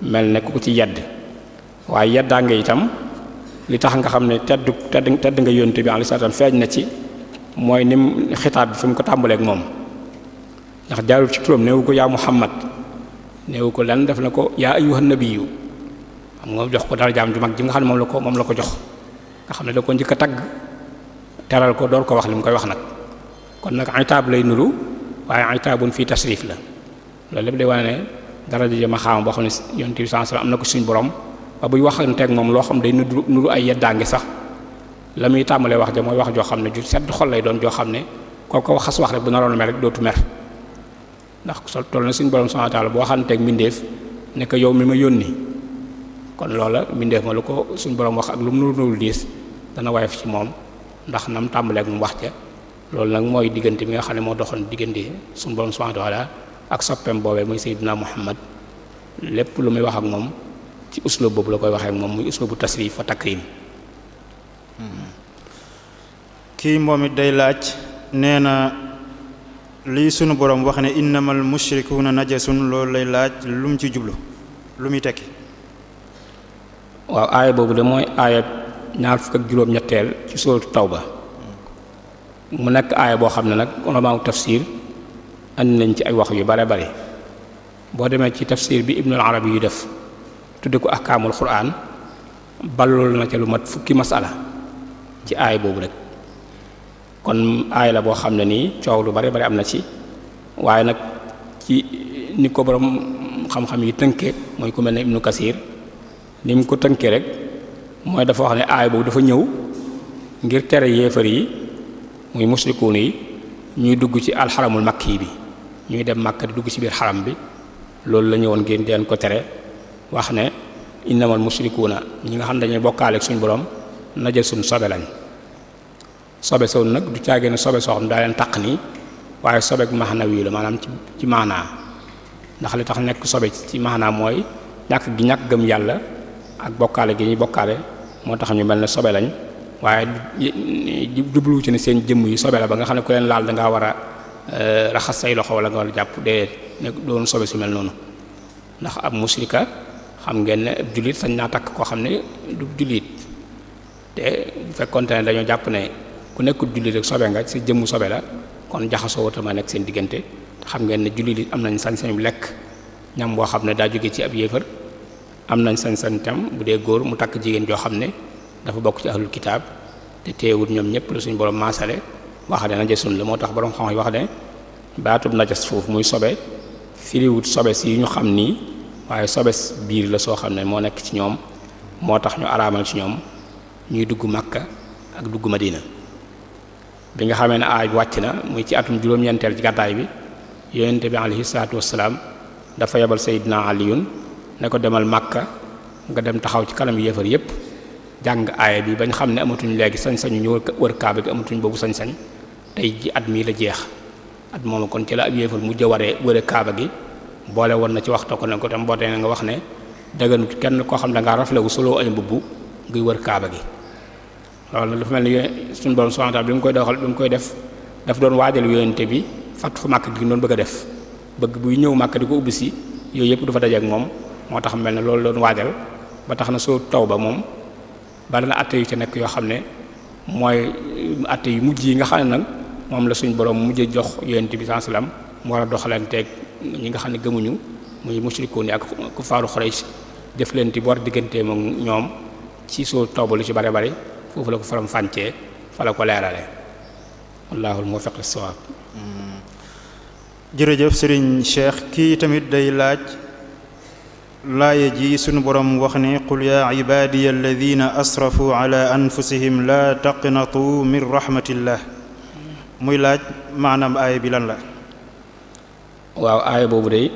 Speaker 2: mel ne ko ci yedd waaye yeddaa nga itam li tax nga xam ne tedd tedd tedd nga yonent bi alayhi feeñ na ci mooy ni mu xitaab bi fi mu ko tàmbaleek moom ndax jaarul ci turam neewu ko yaa Muhammad neewu ko lan def na ko yaa ayyuhan nabiyyu xam nga jox ko dara jaam ju mag ji nga xam ne moom la ko moom la ko jox nga xam ne da ko njëkk a tagg teral ko door ko wax li mu koy wax nag kon nag itaab lay nuru waaye itaabun fii tasrif la loolu lépp day wane ne dara di jëma xaama boo xam ne yonent bi am na ko suñ borom ba buy waxanteeg moom loo xam day nuru nuru ay yeddaangi sax la muy tàmbalee wax ja mooy wax joo xam ne ju sedd xol lay doon joo xam ne koo ko xas wax rek bu naroon mer rek dootu mer ndax sol toll na suñ borom subhanahu wa ta'ala bu waxanteeg mbindeef ne ko yow mi ma yónni kon loola mbindeef ma lu ko suñu borom wax ak lu mu nuru diis dana wayef ci moom ndax nam tàmbalee ak mu wax ca loolu nag mooy diggante bi nga xam ne moo doxoon diggante suñ borom subhanahu wa ta'ala ak soppeem boobee muy sayyidina Muhammad lépp lu muy wax ak moom ci uslub boobu la koy waxee moom muy uslubu tasrif fa takrim kii moom it day laaj nee na
Speaker 1: li sunu borom wax ne innamal mushrikuuna najasun loolu lay laaj lu mu ci jublu lu
Speaker 2: muy tekki waaw aaya boobu de mooy aaya ñaar fukk ak juróom-ñetteel ci sóoratu tawba mu nekk aaya boo xam ne nag ulama tafsir andi nañ ci ay wax yu bare bare boo demee ci tafsir bi ibnul arabi yu def tudde ko ahkaamul quraan ballool na ca lu ma fukki masala ci aaya boobu rek kon aaya la boo xam ne nii coow lu bare bare am na ci waaye nag ci ni ko borom xam-xam yi tënke mooy ko mel ne ibnu kasir ni mu ko tënkee rek mooy dafa wax ne aay boobu dafa ñëw ngir tere yéefar yi muy musrikuun yi ñuy dugg ci alxaramul makki bi ñuy dem Makka di dugg ci biir xaram bi loolu la ñëwoon ngeen deen ko tere wax ne innamal musrikuuna ñi nga xam dañuy bokkaale ak suñu borom suñu sobe lañ sobe sow nag du caagee ne sobe soo xam daa leen taq nii waaye sobe bu wii la maanaam ci ci maanaa ndax li tax nekk sobe ci maanaa mooy ñàkk gi ñàkk gëm yàlla ak bokkaale gi ñuy bokkaale moo tax ñu mel ne sobe lañ waaye jubluwu ci ne seen jëmm yi sobe la ba nga xam ne ku leen laal da ngaa war a euh, raxas say loxo wala nga war jàpp de ne doon sobe su mel noonu ndax am musrika xam ngeen ne ab jullit sañ naa takk koo xam ne du jullit te bu fekkoonte ne dañoo jàpp ne ku nekkul jullit rek sobe nga sa jëmmu sobe la kon jaxasoo watama nekk seen diggante xam ngeen ne jullit yi am nañ sañ-sañu lekk ñam boo xam ne daa jóge ci ab yéefar am nañ sañ-sañ tam bu dee góor mu takk jigéen joo xam ne dafa bokk ci ahlul kitaab te teewul ñoom ñëpp la suñ borom maasale wax ne najasun la moo tax borom xam yi wax ne baatub najas foofu muy sobe wut sobe si yu ñu xam nii waaye sobes biir la soo xam ne moo nekk ci ñoom moo tax ñu araamal ci ñoom ñuy dugg Makka ak dugg Madina bi nga xamee ne aay bi wàcc na muy ci atum juróom-ñeenteel ci gàttaay bi yonente bi alayhi salaatu wassalaam dafa yebal Seydina Aliyun ne ko demal màkk nga dem taxaw ci kanam yéefar yépp jàng aaya bi bañ xam ne amatuñ léegi sañ-sañu ñu wër kaaba gi amatuñ boobu sañ-sañ tey ji at mii la jeex at moomu kon ci la ab yéefar mujj waree wëre kaaba gi boole woon na ci waxta ko ne ko tam boo tee nga wax ne dëgganut kenn koo xam ne dangaa raflewu soloo ay mbubb ngay wër kaaba gi loolu dafa mel ni suñu borom subhanahu wa bi mu koy doxal bi mu koy def daf doon waajal yonente bi fu màkk gi doon bëgg a def bëgg buy ñëw màkk di ko ubbi yooyu yëpp du fa dajeek moom moo tax mel ne loolu doon waajal ba tax na soo taw ba moom bari na atte yu ci nekk yoo xam ne mooy atte yu mujj yi nga xam ne nag moom la suñ borom mujj jox yonent bi sallallahu mu war a doxalanteeg ñi nga xam ne gëmuñu muy mushrikoon yi ak kufaaru Xuraysh def leen di war diggante moom ñoom ci soo ba lu ci bare bari foofu la ko faram fàncee fa la ko leerale wallaahul muwaffiq lis-sawaab
Speaker 1: mm. jërëjëf Serigne Cheikh kii tamit day laaj laaya ji suñu boroom wax ne qul yaa cibaadiya alladina asrafu ala anfusihim laa taqnatuu min rahmatillah muy laaj maanaam aaya bi la
Speaker 2: waaw aaya boobu day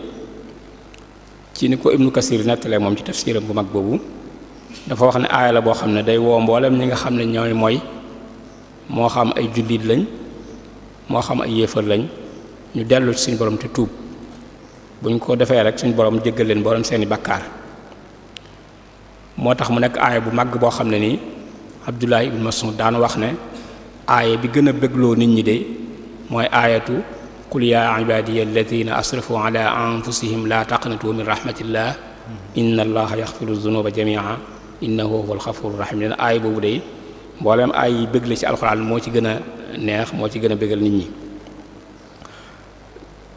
Speaker 2: ci ni ko ibnu kasir nettalee moom ci tafsiram bu mag boobu dafa wax ne aaya la boo xam ne day woo mboolem ñi nga xam ne ñooy mooy moo xam ay jullit lañ moo xam ay yéefar lañ ñu dellu ci suñu borom te tuub bu ñu ko defee rek suñ boroom jéggal leen borom seeni bakkaar moo tax mu nekk aaya bu màgg boo xam ne nii Abdullah ibn Mas'ud daan wax ne aaya bi gën a bégloo nit ñi de mooy aayatu qul ya ibadiya alladina asrafu ala anfusihim la taqnatu min rahmatillah inna allaha yaxfiru zunuba jamia innahu huwal xafuru rahim leen aaya boobu de mboolem aay yi bëgg la ci alxuraan moo ci gën a neex moo ci gën a bëggal nit ñi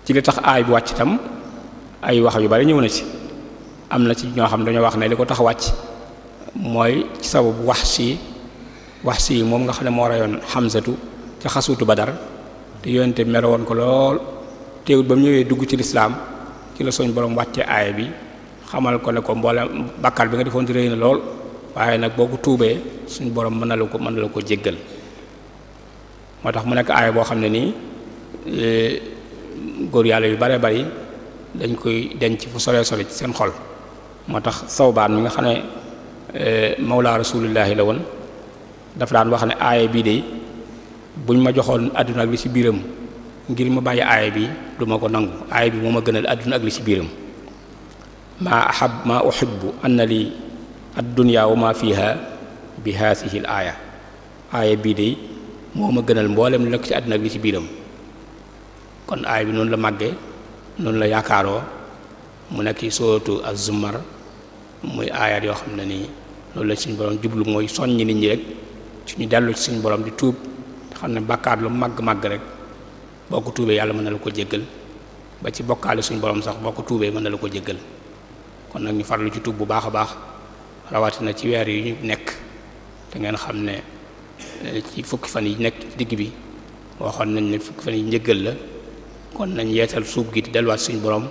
Speaker 2: ci li tax aay bu wàcc itam ay wax yu bari ñëw na ci am na ci ñoo xam ne dañoo wax ne li ko tax wàcc mooy ci wax si wax si moom nga xam ne moo rayoon xamsatu ca ba dara te yonente melowoon ko lool teewut ba mu ñëwee dugg ci lislaam ci la soñ borom wàcce aaya bi xamal ko ne ko mboolem bakkaar bi nga defoon di rëy na lool waaye nag boo ko tuubee suñ borom mën na la ko mën na la ko jéggal moo tax mu nekk aaya boo xam ne nii eh, góor yàlla yu bare bari dañ koy denc bu sore sore ci seen xol moo tax sawbaan mi nga xam ne eh, mawla rasulillahi la woon dafa daan wax ne aaya bii de buñ ma joxoon àdduna ak li ci biiram ngir ma bàyyi aaya bi du ma ko nangu aaya bi moo ma gënal àdduna ak li ci biiram maa ahab maa uhibbu anna li ad-dunya wa ma fiha bi haasihi aaya aaya bii de moo ma gënal mboolem li nekk ci àdduna ak li ci biiram kon aaya bi noonu la màggee loolu la yaakaaroo mu nekk sóotu az-zumar muy aayaat yoo xam ne nii loolu la suñu borom jublu mooy soññi nit ñi rek suñu dellu ci suñu borom di tuub te xam ne bàkkaar lu màgg-màgg rek boo ko tuubee yàlla mën na la ko jéggal ba ci bokkaale suñu borom sax boo ko tuubee mën na la ko jéggal kon nag ñu farlu ci tuub bu baax a baax rawatina ci weer yi ñu nekk te ngeen xam ne ci fukki fan yi nekk digg bi waxoon nañ ne fukki fan yi njëggal la kon nañ yeesal suub gi di delluwaat suñu borom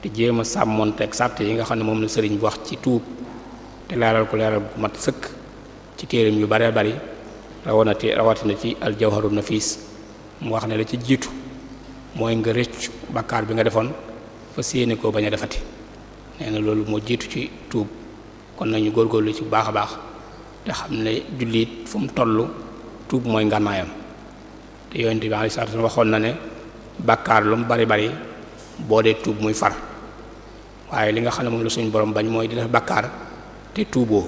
Speaker 2: te jéem a sàmmonteeg sàrt yi nga xam ne moom la sëriñ bu wax ci tuub te leeral ko leeral bu mat sëkk ci téeram yu baree bari rawanati rawatina ci aljawharu nafis mu wax ne la ci jiitu mooy nga rëccu bakkaar bi nga defoon fa séene ko bañ a defati nee na loolu moo jiitu ci tuub kon nañu góor góorgóorlu ci bu baax a baax te xam ne jullit fu mu toll tuub mooy ngànnaayam te yonent bi alayhi salaatu waxoon na ne bàkkaar lu mu bari bari boo dee tuub muy far waaye li nga xam ne moom la suñu borom bañ mooy di def bàkkaar te tuuboo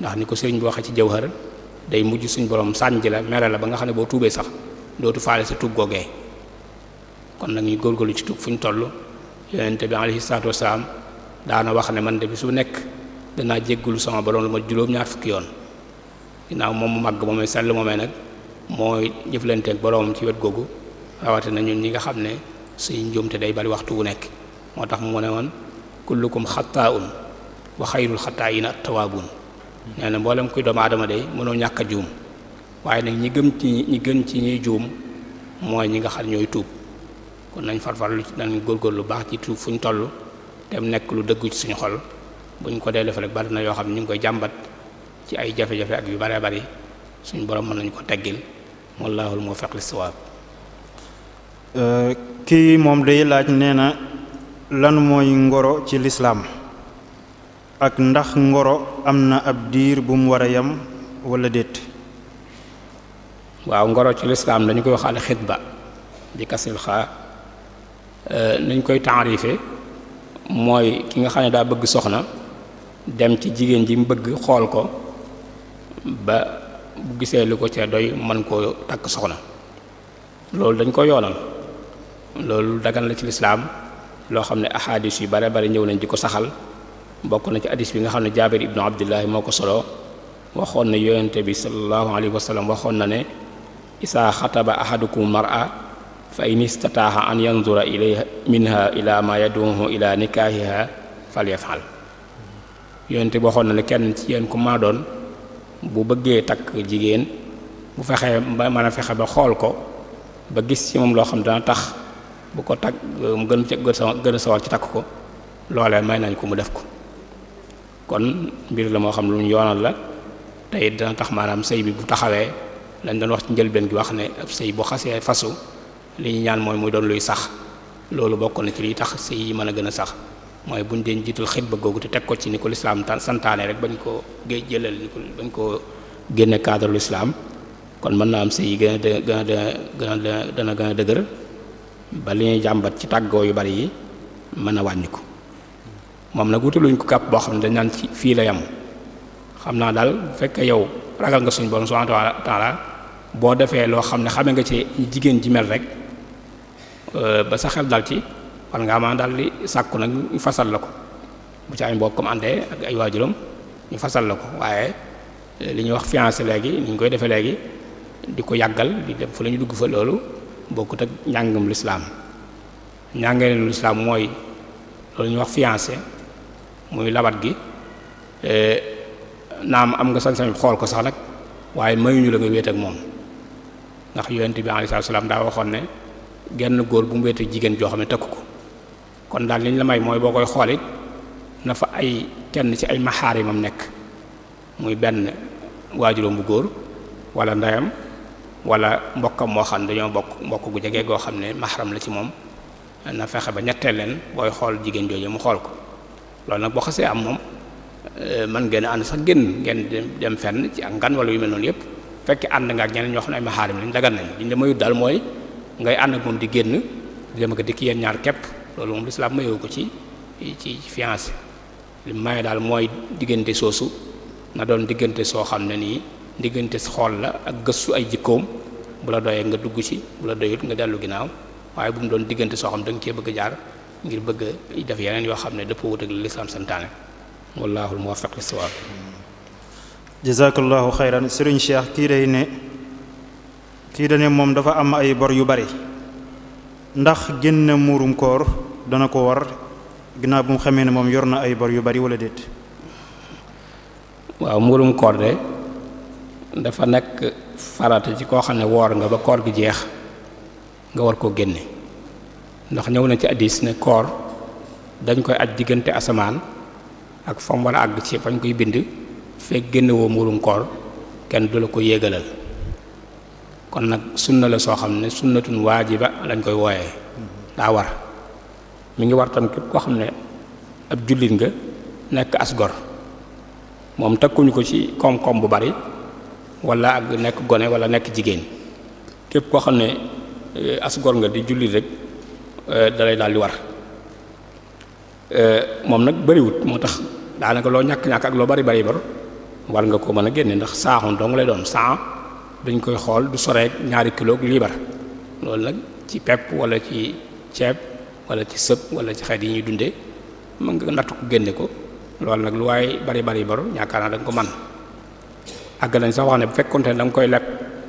Speaker 2: ndax ni ko sëriñ bi waxee ci jawhar day mujj suñ borom sànji la mere la ba nga xam ne boo tuubee sax dootu faale sa tuub googee kon nag ñu góorgóorlu ci tuub fu ñu toll yonente bi alayhi salaatu wasalaam daana wax ne man de bi su nekk danaa jéggulu sama borom lu ma juróom-ñaar fukki yoon ginnaaw moom mu màgg moomee sell moomee nag mooy jëflanteeg boroomam ci wet googu rawatina ñun ñi nga xam ne suñu njuumte day bari waxtu wu nekk moo tax mu ne woon kullukum xataa'un wa xayrul yi at-tawaabuun nee na mboolem kuy doomu aadama day mënoo ñàkk a juum waaye nag ñi gëm ci ñi gën ci ñuy juum mooy ñi nga xam ñooy tuub kon nañ farfarlu nañ góorgóor lu baax ci tuub fu ñu toll dem nekk dëggu ci suñu xol buñ ko dee bari na yoo xam ne ñu ngi koy jàmbat ci ay jafe-jafe yu baree bari suñu borom mën nañu ko teggil wallaahul muwaffiq lis-sawaab
Speaker 1: Euh, kii moom day laaj nee na lan mooy ngoro ci lislaam ak ndax ngoro am na ab diir bu mu war a yem walla déet
Speaker 2: waaw ngoro ci lislaam dañu koy wax alxitba bi kasil xaa euh, nañ koy taarife mooy ki nga xam ne daa bëgg soxna dem ci jigéen ji mu bëgg xool ko ba bu gisee lu ko ca doy mën koo takk soxna loolu dañ ko yoonal loolu dagan la ci lislaam loo xam ne ahadis yu bare bare ñëw nañ di ko saxal bokk na ci adis bi nga xam ne jaabir ibnu abdillahi moo ko solo waxoon na yonente bi sallallahu alayhi wa sallam waxoon na ne isaa xataba ahadukum fa in istataaha an yanzura ilayha minha ila ma yaduhu ila nikaahiha falyafal yonente bi waxoon na ne kenn ci yéen ku maa doon bu bëggee takk jigéen bu fexee ba mën fexe ba xool ko ba gis ci moom loo xam dana tax bu ko tag euh, mu gën ci gën a sawar ci takk ko loolee may nañ ko mu def ko kon mbir la moo xam lu ñu yoonal la tey dana tax maanaam sëy bi bu taxawee lañ doon wax ci njëlbeen gi wax ne ab sëy bu xasee fasu li ñu ñaan mooy muy doon luy sax loolu bokk na ci liy tax sëy yi mën a gën a sax mooy buñ deen jiital xitba googu te teg ko ci ni ko lislaam santaane rek bañ koo géej jëlal ni ko bañ koo génne cadre lislaam kon mën naa am sëy yi gën a gën a gën a dana gën a dëgër ba li ñuy jàmbat ci tàggoo yu bari yi mën a wàññi moom nag luñ ko kàpp boo xam ne dañ naan ci fii la yam xam naa daal bu fekk yow ragal nga suñ borom subhanahu wa taala boo defee loo xam ne xamee nga ci jigéen ji mel rek euh, ba sa xel dal ci war nga ma daal di sàkku nag ñu fasal la ko bu ci ay mbokkam àndee ak ay waajuram ñu fasal la ko waaye euh, li ñuy wax fiancé léegi ni ñu koy defee léegi di ko yàggal di dem fu la dugg fa loolu bokkut ak njàngam lislaam njàngaleelu lislaam mooy loolu ñu wax fiancé muy labat gi eh, naam am nga sañ-sañ xool ko sax nag waaye mayuñu la nga wéet ak moom ndax yonent bi alayhi salaam daa waxoon ne genn góor bu mu wéet ak jigéen joo xam ne takku ko kon daal liñ la may mooy boo koy xoolit na fa ay kenn ci ay maxaarimam nekk muy benn waajuram bu góor wala ndeyam wala mbokkam moo xam ne dañoo bokk mbokk gu jege goo xam ne maxaram la ci moom na fexe ba ñetteel leen booy xool jigéen jooju mu xool ko loolu nag boo xasee am moom euh, man ngeen ànd sax génn ngeen dem fenn ci ak wala yu mel noonu yëpp fekk ànd nga ak ñeneen ñoo xam ne ay maxaarim lañ dagan nañ liñ la mayut daal mooy ngay ànd ak moom di génn di dem ak dikk ñaar képp loolu moom lislaam mayewu ko ci ci fiancé li maye daal mooy diggante soosu na doon diggante soo xam ne nii diggante xool la ak gëstu ay jikkoom bu la doyee nga dugg ci bu la doyut nga dellu ginnaaw waaye bu mu doon diggante soo xam da nga cee bëgg jaar ngir bëgg def yeneen yoo xam ne dëppoo wut ak lislaam santaane
Speaker 1: wallaahu muwaffiq lis-sawaab jazakallahu xayran sëriñ Cheikh kii day ne kii da ne moom dafa am ay bor yu bari ndax génn muurum koor dana ko war ginnaaw bu mu xamee ne moom yor na ay bor yu bari wala
Speaker 2: déet waaw muurum koor de dafa nekk farata ci koo xam ne woor nga ba koor gi jeex nga war koo génne ndax ñëw na ci addis ne koor dañ koy aj diggante asamaan ak fa mu war a àgg ci fañ koy bind fekk génnewoo woo muurum koor kenn du la ko yégalal kon nag sunna la soo xam ne sunnatun waajiba lañ koy wooyee daa war mi ngi war tam képp koo xam ne ab jullit nga nekk as gor moom takkuñu ko ci koom-koom bu bari wala ak nekk gone wala nekk jigéen képp koo xam ne eh, as nga di jullit rek eh, dalay daal di war eh, moom nag bëriwut moo tax daanaka loo ñàkk-ñàkk ak loo bari bari bar war nga ko mën a génne ndax saaxun dong lay doon saa dañ koy xool du soreek ñaari kilo ak liibar loolu nag ci pepp wala ci ceeb wala ci sëp wala ci xeet yi ñuy dundee mën nga natt ko génne ko loolu nag lu waaye bari bari baru ñàkkaar naa da ko man àgg nañ sax wax ne bu fekkonte da nga koy leb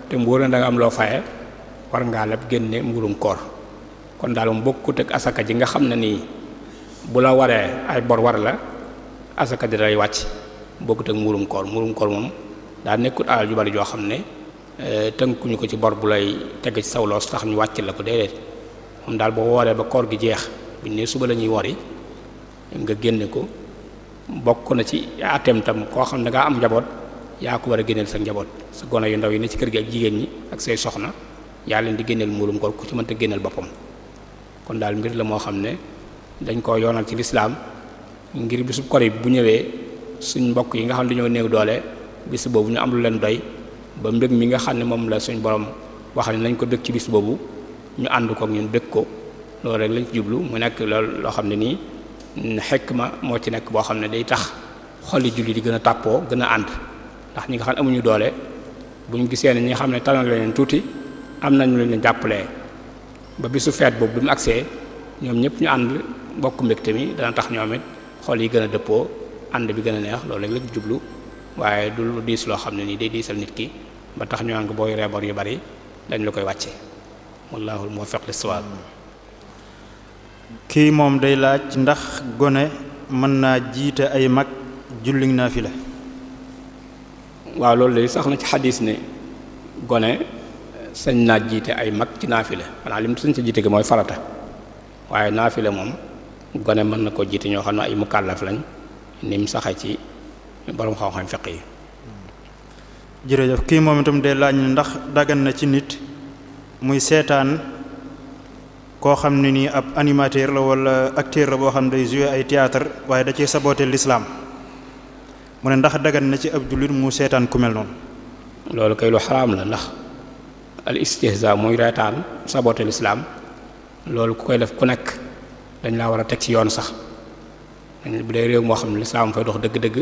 Speaker 2: te mu wóor na da am loo faye war ngaa leb génne mburum koor kon daal mu bokkut ak asaka ji nga xam ne nii bu la waree ay bor war la asaka di lay wàcc bokkut ak mburum koor mburum koor moom daa nekkut alal ju joo xam ne eh, tënkuñu ko ci bor bu lay teg ci saw loos tax ñu wàcc la ko déedéet moom daal boo wooree ba koor gi jeex buñ ne suba la ñuy wori nga génne ko bokk na ci atem tam koo xam ne dangaa ngaa am njaboot. yaa ko war a génneel sa njaboot sa gone yu ndaw yi ne ci kër gi ak jigéen ñi ak say soxna yaa leen di génneel muulum koor ku ci mënta génneel boppam kon daal mbir la moo xam ne dañ koo yoonal ci lislaam ngir bisub kori bu ñëwee suñ mbokk yi nga xam ne dañoo néew doole bis ñu am leen doy ba mbég mi nga xam ne moom la suñ borom wax nañ ko dëkk ci bis boobu ñu ànd ko ak ñun dëkk ko loolu rek lañ ci jublu mu nekk loolu loo xam ne nii xekk ma moo ci nekk boo xam ne day tax xolli julli di gën a tàppoo gën a ànd ndax ñi nga xam ne amuñu doole buñ gisee ne ñi xam ne tànnal leen tuuti am nañu lu ñu jàppalee ba bisu feet boobu bi mu agsee ñoom ñëpp ñu ànd bokk mbégte mi dana tax ñoom it xol yi gën a dëppoo ànd bi gën a neex loolu rek jublu waaye du lu diis loo xam ne nii day diisal nit ki ba tax ñu naan booy reebor yu bari dañ la koy wàcce wallaahu muwaffiq lis-sawaab
Speaker 1: kii moom day laaj ndax gone mën naa jiite ay
Speaker 2: mag naa julli la waaw loolu léegi sax na ci xadis ne gone eh, sañ naa jiite ay mag ci naafile maanaam lim sañ sa jiite gi mooy farata waaye naafile moom gone mën na koo jiite ñoo xam ne ay mukallaf lañ ni mu saxe ci borom xam-xam fiq yi
Speaker 1: jërëjëf kii moom itam de laaj ndax dagan na ci nit muy seetaan koo xam ne nii ab animateur la wala acteur la boo xam ne day jouer ay théâtre waaye da ciy saboter l'islam
Speaker 2: mu ne ndax dagan na ci ab jullit mu seetaan ku mel noonu loolu kay lu xaraam la ndax al istihza muy reetaan sabote lislaam loolu ku koy def ku nekk dañ la war a teg ci yoon sax bu dee réew moo xam ne lislaam fay dox dëgg-dëgg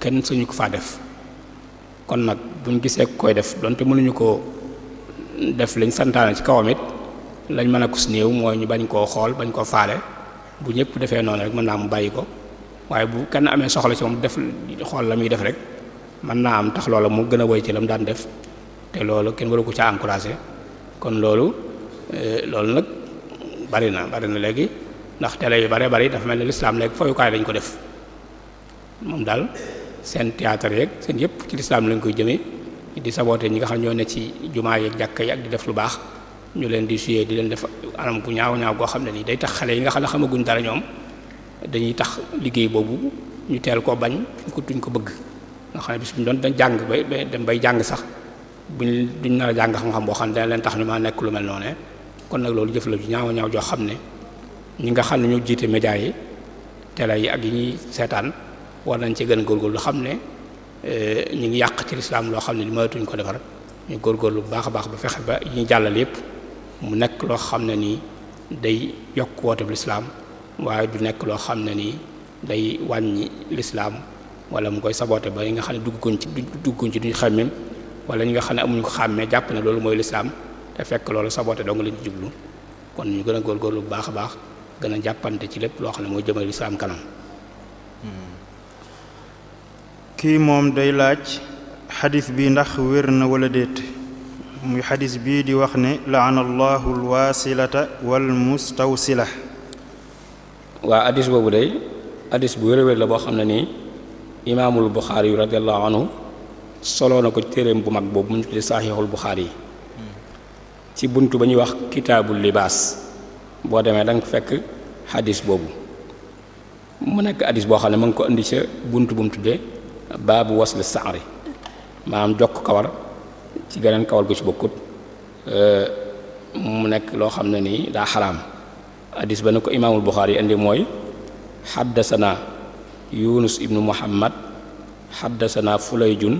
Speaker 2: kenn suñu ko faa def kon nag buñ gisee ku koy def donte mënuñu koo def liñ santaane ci kawam it lañ mën a kus néew mooy ñu bañ koo xool bañ koo faale bu ñëpp defee noonu rek mën naa mu bàyyi ko waaye bu kenn amee soxla ci moom def xool la muy def rek mën naa am tax loola mu gën a woy ci la mu daan def te loolu kenn waru ko caa encouragé kon loolu eh, loolu nag bari na bari na léegi ndax télé yu bare bari dafa mel ne lislaam léegi foyukaay dañ ko def moom daal seen théâtre yeeg seen yëpp ci lislaam lañ koy jëmee di saboté ñi nga xam ñoo ne ci jumaa yeeg jàkka yi ak di def lu baax ñu leen di suyee di leen def anam gu ñaaw ñaaw goo xam ne nii day tax xale yi nga xam ne xamaguñ dara ñoom dañuy tax liggéey boobu ñu teel koo bañ ko duñ ko bëgg nga xam ne bis bu doon dañ jàng ba dem bay jàng sax buñ duñ nar a jàng xam boo xam ne dana leen tax ñu ma nekk lu mel noonu kon nag loolu jëf la ju ñaaw ñaaw joo xam ne ñi nga xam ne ñoo jiite média yi télé yi ak yi ñuy seetaan war nañ ci gën a góorgóorlu xam ne e, ñu ngi yàq ci lislaam loo xam ne li mënatuñ ko defar ñu góorgóorlu bu baax a baax ba fexe ba yi ñu jàllal yépp mu nekk loo xam ne nii day yokk woote bu lislaam waaye du nekk loo xam ne nii day wàññi lislaam wala mu koy saboote ba li nga xam ne dugg dugguñ ci dugguñ ci duñ xàmmem wala ñi nga xam ne amuñu ko xàmmee jàpp ne loolu mooy lislaam te fekk loolu saboote dong lañ jublu kon ñu gën a góorgóorlu bu baax a baax gën a jàppante ci lépp loo xam ne mooy jëmale lislaam kanam.
Speaker 1: Hmm. kii moom day laaj xadis bii ndax wér na wala déet. muy xadis bii di wax ne laana allahu alwasilata
Speaker 2: walmustawsila waa addis boobu day addis bu wér la boo xam ne nii imaamul buxaari yu radiallahu anhu soloo na ko téereem bu mag boobu mu ñu tuddee saxiixul yi hmm. ci bunt ba ñuy wax kitaabul libaas boo demee da nga fekk xadis boobu mu nekk addis boo xam ne mu ngi ko indi ca bunt bu mu tuddee baabu wasli saari maanaam jokk kawar ci geneen kawar gu ci bokkut mu nekk loo xam ne nii daa xaraam hadis ba na ko imaamul buxaari indi mooy xaddasana yunus ibnu muhammad xaddasana fulayjun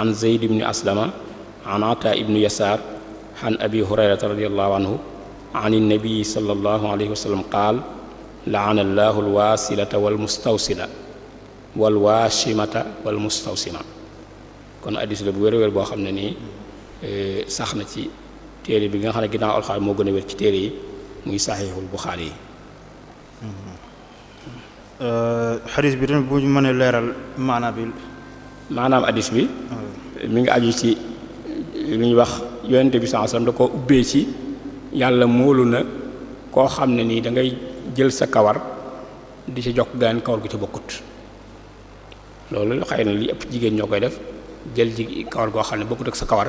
Speaker 2: an zeyd ibnu aslama an ata ibnu yasaar an abi hurayrata radiallahu anhu an innabii sallallahu alayhi wa sallam qaal laana allahu alwasilata walmustawsila walwaashimata walmustawsima kon hadis la bu wér wér boo xam ne nii eh, sax na ci téere bi nga xam ne ginnaaw alxaar moo gën a wér ci téere yi muy saxiixul xaal yi
Speaker 1: euh, xadis bi tamit bu ñu
Speaker 2: mënee leeral maanaam bi maanaam hadis bi mi ngi aju ci lu ñuy wax yonent bi sallallahu alayhi wasallam da koo ubbee ci yàlla moolu na koo xam ne nii da ngay jël sa kawar di ci jokk gaan kawar gu ci bokkut loolu xëy na li ëpp jigéen ñoo koy def jël ji kawar goo xam ne bokkut ak sa kawar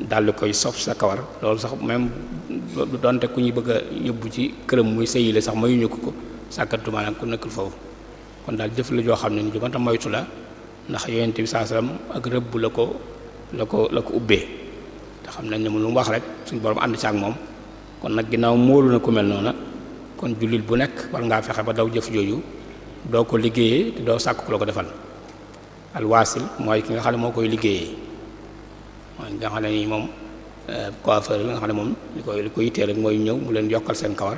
Speaker 2: daldi koy sof sa kawar loolu sax même donte ku ñuy bëgg a yóbbu ci këram muy sëyile sax mayuñu ko ko sàkkatuma nag ku nekkul foofu kon daal jëf la joo xam ne ni ju mata moytu la ndax yonente saa salaam ak la ko la ko la ko ubbee te xam nañ ne mu lu mu wax rek suñ borom ànd ci ak moom kon nag ginnaaw móolu na ku mel noona kon jullit bu nekk war ngaa fexe ba daw jëf jooju doo ko liggéeyee te doo sàkk ku la ko defal alwaasil mooy ki nga xam ne moo koy liggéeyee nga xam ne nii moom euh, coiffeur la nga xam ne moom li ko li yittee rek mooy ñëw mu leen yokkal seen kawar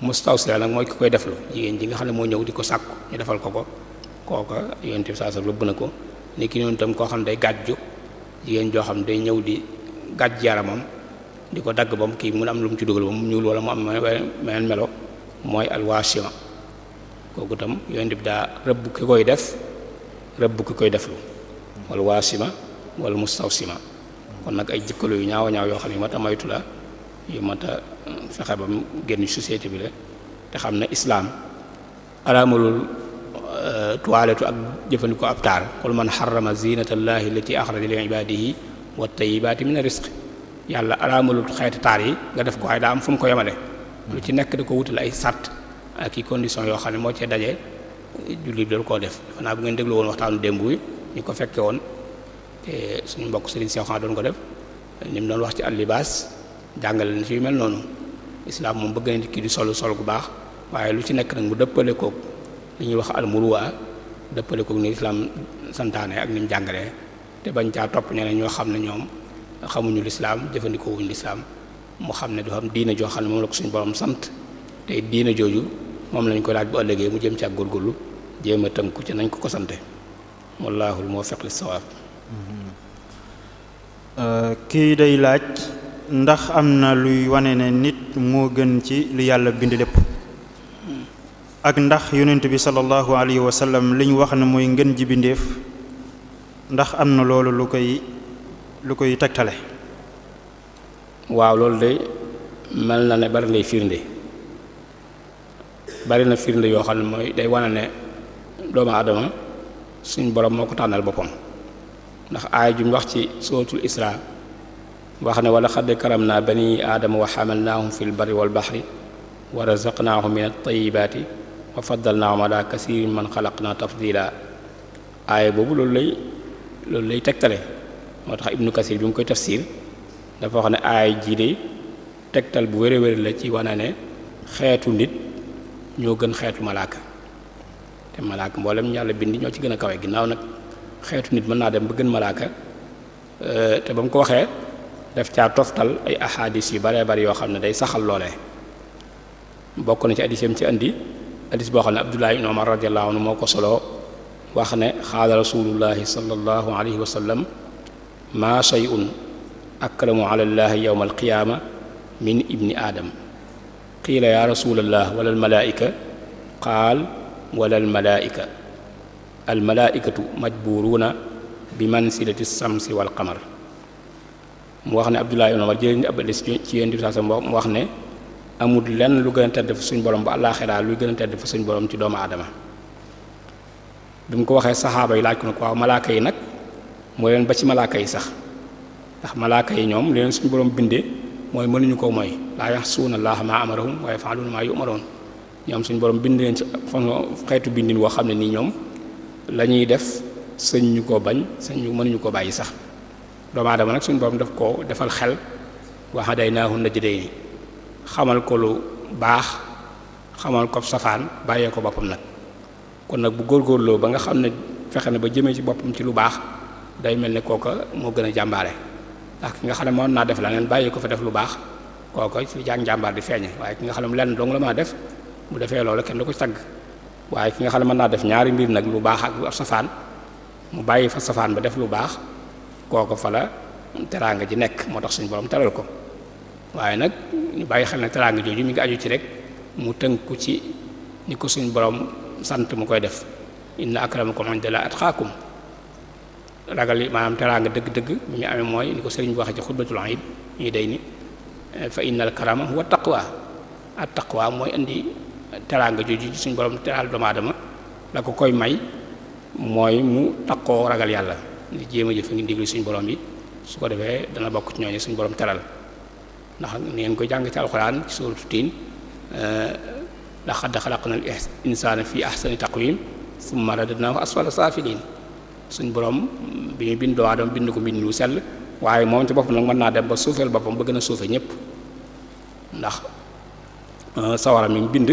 Speaker 2: mustawsila nag mooy ki koy deflu jigéen ji nga xam ne moo ñëw di ko sàkku ñu defal ko ko kooka yonent bi saasam rëbb na ko ni ki noonu tam koo xam ne day gàjju jigéen joo xam ne day ñëw di gàjj yaramam di ko dagg ba kii mun am lu mu ci dugal ba mu ñuul wala mu am meneen melo mooy alwaasima kooku tam yonent bi daa rëbb ki koy def rëbb ki koy deflu wala waasima wala mustawsima kon nag ay jikkalu yu ñaaw ñaaw yoo xam ne mat a moytu la yu mat a mm, fexe ba mu génn société bi la te xam na islaam araamalul euh, tuwaaletu ak jëfandikoo ab taar qul man xarama zinatallahi allati axraja li ibadihi wa tayibaati mina risq yàlla araamalul xeeti taar yi nga def ko waaye fu mu ko yemale lu ci nekk da ko wutal ay sart ak i condition yoo xam ne moo cee daje julli bi dal koo def dafa bu ngeen déglu woon waxtaanu démb wi ñu ko fekke woon te suñu mbokk Serigne Cheikh doon ko def ni mu doon wax ci allibaas jàngale na ci yu mel noonu islam moom bëgg na nit ki di solu sol gu baax waaye lu ci nekk nag mu dëppale koog li ñuy wax almuruwa dëppale koog ni islam santaane ak ni mu jàngalee te bañ caa topp ñeneen ñoo xam ne ñoom xamuñu lislaam jëfandikoo wuñu lislaam mu xam ne dafa am diina joo xam ne moom la ko suñu borom sant te diina jooju moom lañ ko laaj bu ëllëgee mu jëm ci ak góorgóorlu jéem a tënku ci nañ ko ko sante wallaahu al muwaffiq lis sawaab
Speaker 1: kii day laaj ndax am na luy wane ne nit moo gën ci lu yàlla bind lépp ak ndax yonent bi sallallahu alayhi wa sallam wax ne mooy ngën ji bindeef ndax am na loolu lu koy lu koy
Speaker 2: tegtale waaw loolu de mel na ne bari nay firnde bari na firnde yoo xam ne mooy day wane ne doomu aadama suñ borom moo ko tànnal boppam ndax aaya ju wax ci sootu isra wax ne wala xad karam naa bani aadama wa xamalnaahum fi lbarri walbaxri wa razaqnaahum min altayibaati wa faddalnaahum ala kasirin man xalaqna tafdila aaya boobu loolu lay loolu lay tegtale moo tax ibnu kasir bi mu koy tafsir dafa wax ne aay jii de tegtal bu wéra wéra la ci wane ne xeetu nit ñoo gën xeetu malaaka te malaaka mboolem yàlla bind ñoo ci gën a kawe ginnaaw nag xeetu nit mën naa dem ba gën malaaka euh, te ba mu ko waxee daf caa toftal ay ahadis yu bare bari yoo xam ne day saxal loolee bokk na ci addis yam ci indi addis boo xam ne Abdullah ibn Umar radiyallahu moo ko soloo wax ne xaala rasulullahi sallallahu alayhi wa sallam maa shay'un akramu ala llahi yawma alqiyaama min ibni aadam qiila ya rasulallah wala almalaa'ika qaal wala almalaa'ika almalaaikatu majburuuna bi man mansilati samsi wal qamar mu wax ne Abdullahi ibn Umar jëlee ni ab ci yéen di saa mu wax ne amul lenn lu gën a tedd fa suñ borom bu àllaaxiraa luy gën a tedd fa suñ borom ci doomu aadama bi mu ko waxee saxaaba yi laaj ko ne ko waaw malaaka yi nag moo leen ba ci malaaka yi sax ndax malaaka yi ñoom leen suñ borom bindee mooy mënuñu ko mooy laa yaxsuuna Allaaha maa amarahum waaye yaf'aluuna maa yu'maruun ñoom suñ borom bind leen ci xeetu bindin woo xam ne nii ñoom la ñuy def sëñ ñu ko bañ sëñ mënuñu ko bàyyi sax doomu aadama nag suñ borom daf koo defal xel na hadaynaahu najdayni xamal ko lu baax xamal ko safaan bàyyee ko boppam nag kon nag bu góor góorgóorloo ba nga xam ne fexe na ba jëmee ci boppam ci lu baax day mel ne kooka moo gën a jàmbaare ndax ki nga xam ne mën naa def leneen bàyyi ko fa def lu baax kooka ci jàng jàmbaar di feeñe waaye ki nga xam ne lenn dong la maa def mu defee loolu kenn du ko tagg waaye ki nga xam ne mën naa def ñaari mbir nag lu baax ak lu safaan mu bàyyi fa safaan ba def lu baax kooku fa la teraanga ji nekk moo tax suñu borom teral ko waaye nag ñu bàyyi xel ne teraanga jooju mi ngi aju ci rek mu tënku ci ni ko suñu borom sant mu koy def inna akramakum indallahi atqaakum ragal yi maanaam teraanga dëgg-dëgg mi ngi amee mooy ni ko sëriñ bi waxee ci xutbatul iid ñuy day ni fa innal karama huwa taqwa at taqwa teraanga jooju suñ borom teral doomu aadama la ko koy may mooy mu takkoo ragal yàlla di jéem a jëfe ngi diglu suñ borom yi su ko defee dana bokk ci ñooñu suñ borom teral ndax ni ngeen koy jàng ci alxuraan ci suuratu tiin eh, laqad xalaqnal insaana fii ahsani taqwiim summa radadnaahu asfala saafiliin suñ borom bi ñu bind doomu aadama bind ko bind lu sell waaye moom ci boppam nag mën naa dem ba suufeel boppam ba gën a suufe ñëpp ndax Euh, sawara mi bind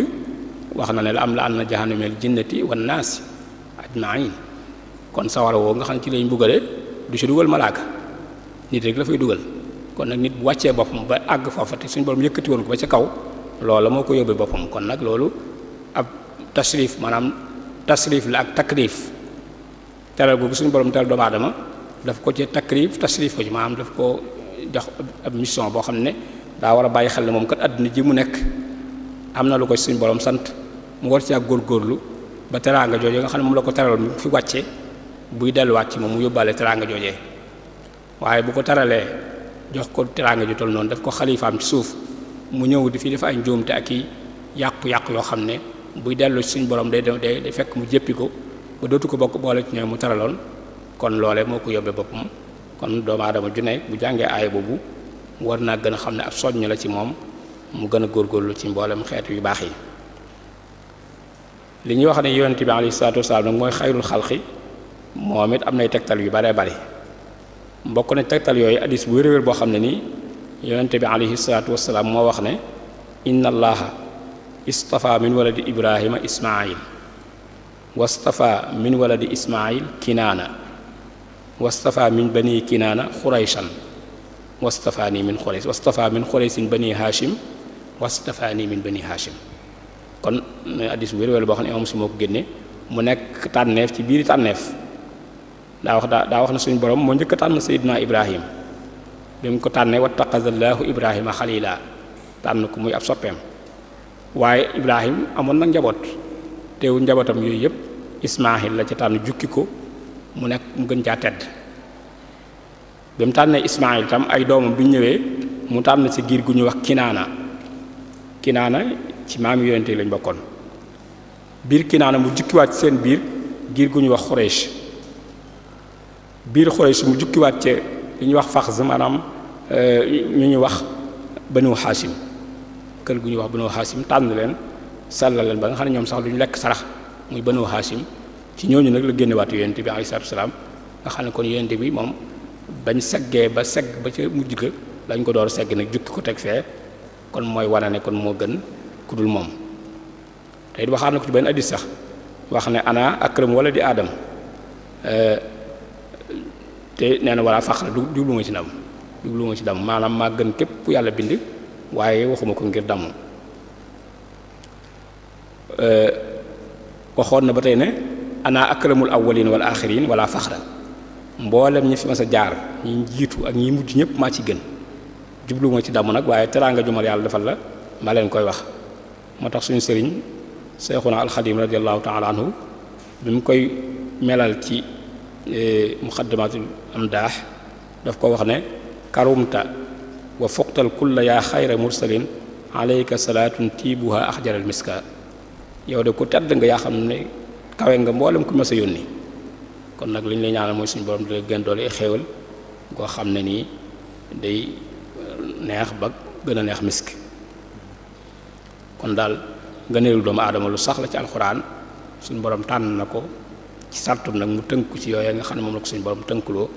Speaker 2: wax na ne la am la an na jahanamel jinnati wan naas ajmain kon sawara woo nga xam ne ci lañ buggalee du ci dugal malaaka nit rek la fay dugal kon nag nit bu wàccee boppam ba àgg foofa te suñ borom yëkkati woon ko ba ca kaw loola moo ko yóbbee boppam kon nag loolu ab tasrif maanaam tasrif la ak takrif teral googu suñu borom teral doomu aadama daf ko ci takrif tasrif ko ci maanaam daf ko jox ab mission boo xam ne daa war a bàyyi xel ne moom kat àdduna ji mu nekk am na lu ko suñu borom sant mu war ci ak góor góorgóorlu ba teraanga jooje nga xam ne moom la ko taral mi fi wàcce buy delluwaat ci moom mu yóbbaale teraanga joojee waaye bu ko taralee jox ko teraanga ju toll noonu daf ko xalifaam ci suuf mu ñëw di fi def ay njuumte ak i yàqu-yàqu yoo xam ne buy dellu suñu borom day day fekk mu jéppi ko ba dootu ko bokk boole ci ñooy mu teraloon kon loole moo ko yóbbee boppam kon doomu aadama ju ne bu jàngee aaya boobu war naa gën a xam ne ab soññ la ci moom mu gën a góorlu ci mboolem xeetu yu baax yi li ñuy wax ne yonent bi alayhi salaatu wasalaam nag mooy xayrul xalqi moom it am nay tegtal yu bare bari mbokk na tegtal yooyu addis bu wér-wér boo xam ne nii yonent bi alayhi salaatu salaam moo wax ne inna allaha istafa min waladi ibrahima ismail wastafa min waladi ismail kinaana wastafa min bani kinaana xuraysan wastafa nii min xurays wastafa min xuraysin bani haashim wastafaani min bani hashim kon mooy addis bu wér-wér boo xam ne imam muslim moo ko génne mu nekk tànneef ci biir tànneef daa wax daa wax na suñu borom moo njëkk a tànn sayidna ibrahim bi mu ko tànnee wattaqazallaahu ibrahima xalila tànn ko muy ab soppeem waaye ibrahim amoon na njaboot teewul njabootam yooyu yëpp ismaahil la ci tànn jukki ko mu nekk mu gën caa tedd bi mu tànnee ismaahil tam ay doomam bi ñëwee mu tànn ci giir gu ñuy wax kinaana kinaana ci maami yonente yi lañ bokkoon biir kinaana mu jukkiwaat seen biir giir gu ñu wax xurees biir xurees mu jukkiwaat ci lu ñuy wax faxs maanaam eh, ñu ñuy wax banu xaasim kër gu ñu wax banu xaasim tànn leen sàllal leen ba nga xam ne ñoom sax lu ñu lekk sarax muy banu xaasim ci ñooñu nag la génnewaatu yonente bi alayhi salaatu salaam nga xam ne kon yonente bi moom bañ seggee ba segg ba ca mujj ga lañ ko door segg nag jukki ko teg fee kon mooy wane ne kon moo gën ku dul moom te it waxaat na ko ci benn addis sax wax ne ana akram walla di aadam eh, te nee na wala faqra du lu ma ci ndam jublu ma ci ndam maanaam maa gën képp ku yàlla bind waaye waxuma ko ngir damm eh, waxoon na ba tey ne ana akramul awwalin wal axirin wala faqra mboolem ñi fi ma a jaar ñi jiitu ak ñi mujj ñëpp maa ci gën jubluwuma ci damm nag waaye teraanga jumal yàlla defal la ma leen koy wax moo tax suñu sëriñ Seexuna alxadim radiallahu taala anhu bi mu koy melal ci e, muqaddamatul amdaax daf ko wax ne karumta wa fuqtal kulla yaa xayra mursalin alayka salaatun tiibuha axjaral miska yow de ku tedd nga yaa xam ne kawe nga mboolem ku ma sa yónni kon nag li ñu lay ñaanal mooy suñu borom di la gën doole xéewal goo xam ne nii day neex ba gën a neex misk kon daal gëneelu doomu aadama lu sax la ci alxuraan suñu borom tànn na ko ci sartum nag mu tënku ci yooya nga xam ne moom la ko suñ borom tënkuloo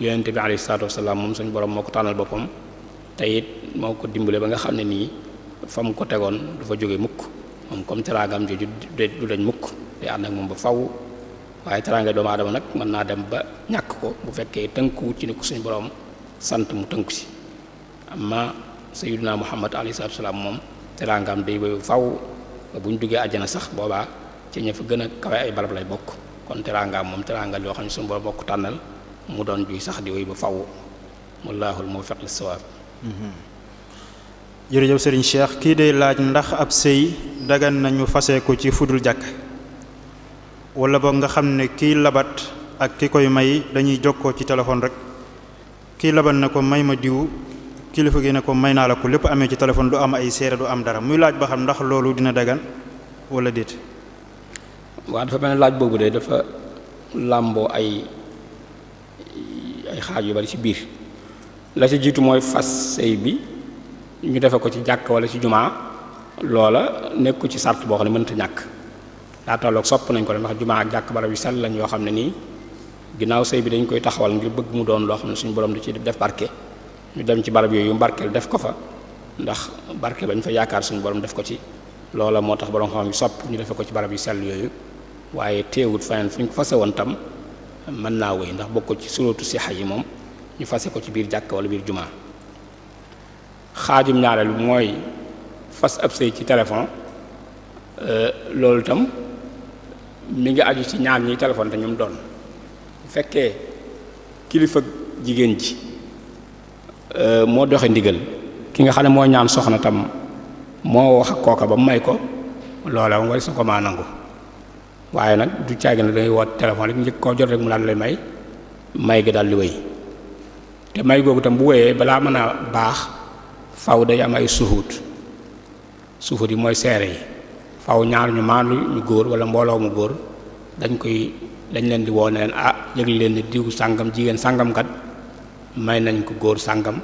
Speaker 2: yonente bi alayhi salaatu wasalaam moom suñ borom moo ko tànnal boppam te it moo ko dimbale ba nga xam ne nii fa mu ko tegoon du fa jóge mukk moom comme teraangam jooju du dañ mukk day ànd ak moom ba faw waaye teraanga doomu aadama nag mën naa dem ba ñàkk ko bu fekkee tënku ci ni suñ borom sant mu tënku ci amma sayyiduna muhammad alayhi salaatu wasalaam moom teraangaam day woyu faw ba bu ñu duggee àjjana sax boobaa ci ña fi gën a kawe ay balab lay bokk kon teraangaam moom teraanga yoo xam ne suñu boo bokk tànnal mu doon juy sax di woyu ba faw wallaahul muwaffiq lis sawaab
Speaker 1: mhm. jërëjëf sëriñ Cheikh kii dey laaj ndax ab sëy dagan nañu fase ko ci fudul jàkk wala boog nga xam ne kii labat ak ki koy may dañuy jokkoo ci téléphone rek kii labat na ko may ma diw kilifa gi ne ko may naa la ko lépp amee ci téléphone du am ay seere du am dara muy laaj
Speaker 2: ba xam ndax loolu dina dagan wala déet. waaw dafa mel laaj boobu de dafa làmboo ay ay xaaj yu bari ci biir la ci jiitu mooy fas sëy bi ñu defe ko ci jàkk wala ci jumaa loola nekku ci sart boo xam ne mënta ñàkk daa tolloog sopp nañ ko de ndax jumaa ak jàkk barab yu sell lañ yoo xam ne nii ginnaaw sëy bi dañ koy taxawal ngir bëgg mu doon loo xam ne suñu borom di ci def barke ñu dem ci barab yooyu barkeel def ko fa ndax barke bañ fa yaakaar suñu borom def ko ci loola moo tax borom xam yu sopp ñu defe ko ci barab yu sell yooyu waaye teewut faneen fu ñu ko fase woon tam mën naa wéy ndax bokk ko ci suratu sixa yi moom ñu fase ko ci biir jàkk wala biir jumaa xaajum ñaareel mooy fas ab ci téléphone euh, loolu itam mu ngi aju ci ñaar ñiy téléphone te ñoom doon bu fekkee kilifa jigéen ji Euh, moo doxe ndigal ki nga xam ne moo ñaan soxna tam moo wax ak kooka ba mu may ko loola war su ko maa nangu waaye nag du caagi nag dangay woot téléphone rek njëkk koo jot rek mu daal lay may may gi daal di wéy te may googu tam bu woyee balaa mën a baax faw day am ay suhut suhut yi mooy seere yi faw ñaar ñu maandu ñu góor wala mbooloo mu góor dañ koy dañ leen di woo leen ah yëg leen ne diw sàngam jigéen sàngamkat may nañ ko góor sàngam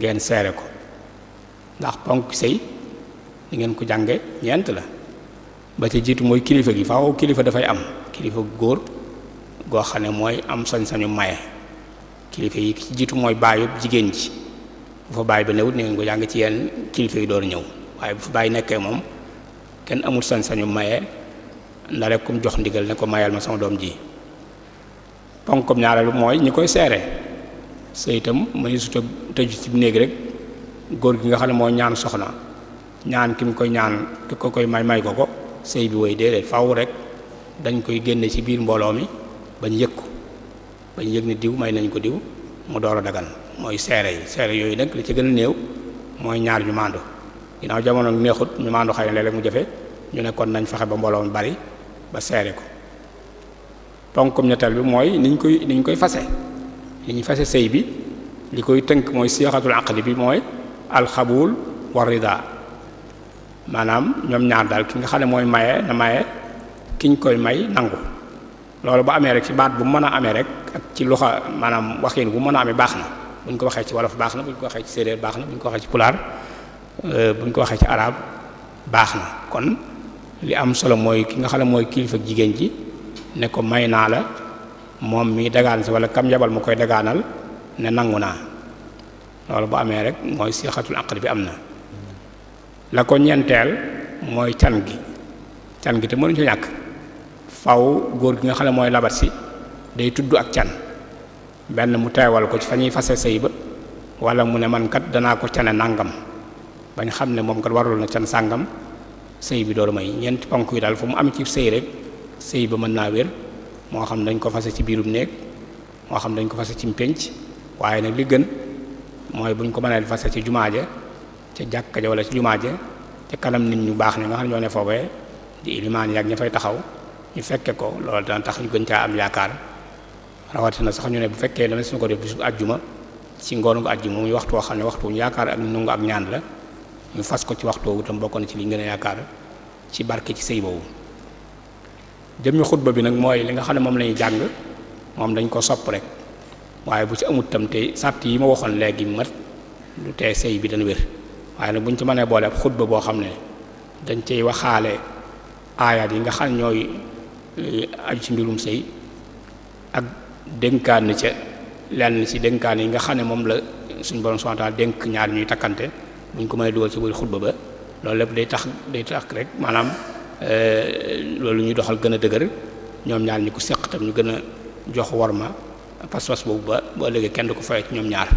Speaker 2: ngeen seere ko ndax ponk sëy li ngeen ko jànge ñeent la ba ci jiitu mooy kilifa gi faaw kilifa dafay am kilifa góor goo xam ne mooy am sañ-sañu maye kilifa yi ci jiitu mooy baayu jigéen ji bu fa baay ba ko jàng ci yenn kilifa yi ñëw waaye bu fa baay nekkee moom kenn amul sañ-sañu maye nda rek jox ndigal ne ko mayal ma sama doom ji ponkam ñaareelu mooy ñi koy seere sëy itam mënees su tëju ci néeg rek góor gi nga xam ne moo ñaan soxna ñaan ki mu koy ñaan ki ko koy may may ko ko sëy bi woy déedéet faaw rek dañ koy génne ci biir mbooloo mi bañ yëg ko bañ yëg ne diw may nañ ko diw mu door a dagan mooy seere yi seere yooyu nag li ci gën a néew mooy ñaar ñu maandu ginnaaw jamono neexut ñu maandu xëy na léeg mu jafe ñu ne nañ fexe ba mbooloo mi bari ba seere ko ponkum ñetteel bi mooy niñ koy niñ koy fase li ñu fase sëy bi li koy tënk mooy siyaaxatul aqli bi mooy alxabul wa maanaam ñoom ñaar daal ki nga xam ne mooy maye na maye ki ñu koy may nangu loolu bu amee rek ci baat bu mën a amee rek ak ci loxa maanaam waxin bu mën a amee baax na bu ñu ko waxee ci wolof baax na bu ñu ko waxee ci séeréer baax na bu ñu ko waxee ci pulaar euh, bu ñu ko waxee ci arab baax na kon li am solo mooy ki nga xam ne mooy kilifa jigéen ji ne ko may naa la moom mii dagaan si wala kam yabal mu koy dagaanal ne nangu naa loolu bu amee rek mooy sixatul aqd bi am na la ko ñeenteel mooy can gi can gi te mënuñu ko ñàkk faw góor gi nga xam ne mooy labat si day tudd ak can benn mu teewal ko ci fa ñuy fase sëy wala mu ne man danaa ko cane nàngam bañ xam ne moom kat warul na can sàngam sëy bi doolu may ñeenti ponk yi daal fu mu ame ci sëy rek sëy ba mën naa wér moo xam dañ ko fase ci biirub néeg moo xam dañ ko fase ci pénc waaye nag li gën mooy buñ ko mënee fase ci jumaa ja ca jàkka ja wala ci jumaa ja ca kanam nit ñu baax ñi nga xam ñoo ne foofee di ilimaan yaag ña fay taxaw ñu fekke ko loolu dana tax ñu gën am yaakaar rawatina sax ñu ne bu fekkee dama suñu ko def bisu ajjuma ci ngoonu ajjuma muy waxtu woo xam ne waxtu ñu yaakaar ak nungu ak ñaan la ñu fas ko ci waxtoo wu tam bokk ci liñ gën yaakaar ci barke ci sëy boobu jëmmi xutba bi nag mooy li nga xam ne moom la ñuy jàng moom dañ ko sopp rek waaye bu ci amut tam tey sàtt yi ma waxoon léegi mat lu tee sëy bi dana wér waaye nag buñ ci mënee boole ab xutba boo xam ne dañ cey waxaale aayaat yi nga xam ne ñooy eh, aju ci mbirum sëy ak dénkaan ni ca lenn ci dénkaan yi nga xam ne moom la suñ bon subhanahu wa ta'ala dénk ñaar ñuy takkante duñ ko mënee dugal ci biir xutba ba loolu lépp day tax day tax rek maanaam Eh, loolu ñuy doxal gën a dëgër ñoom ñaar ñi ko seq tam ñu gën a jox warma pas-pas boobu ba boo léegi kenn du ko fayet ñoom ñaar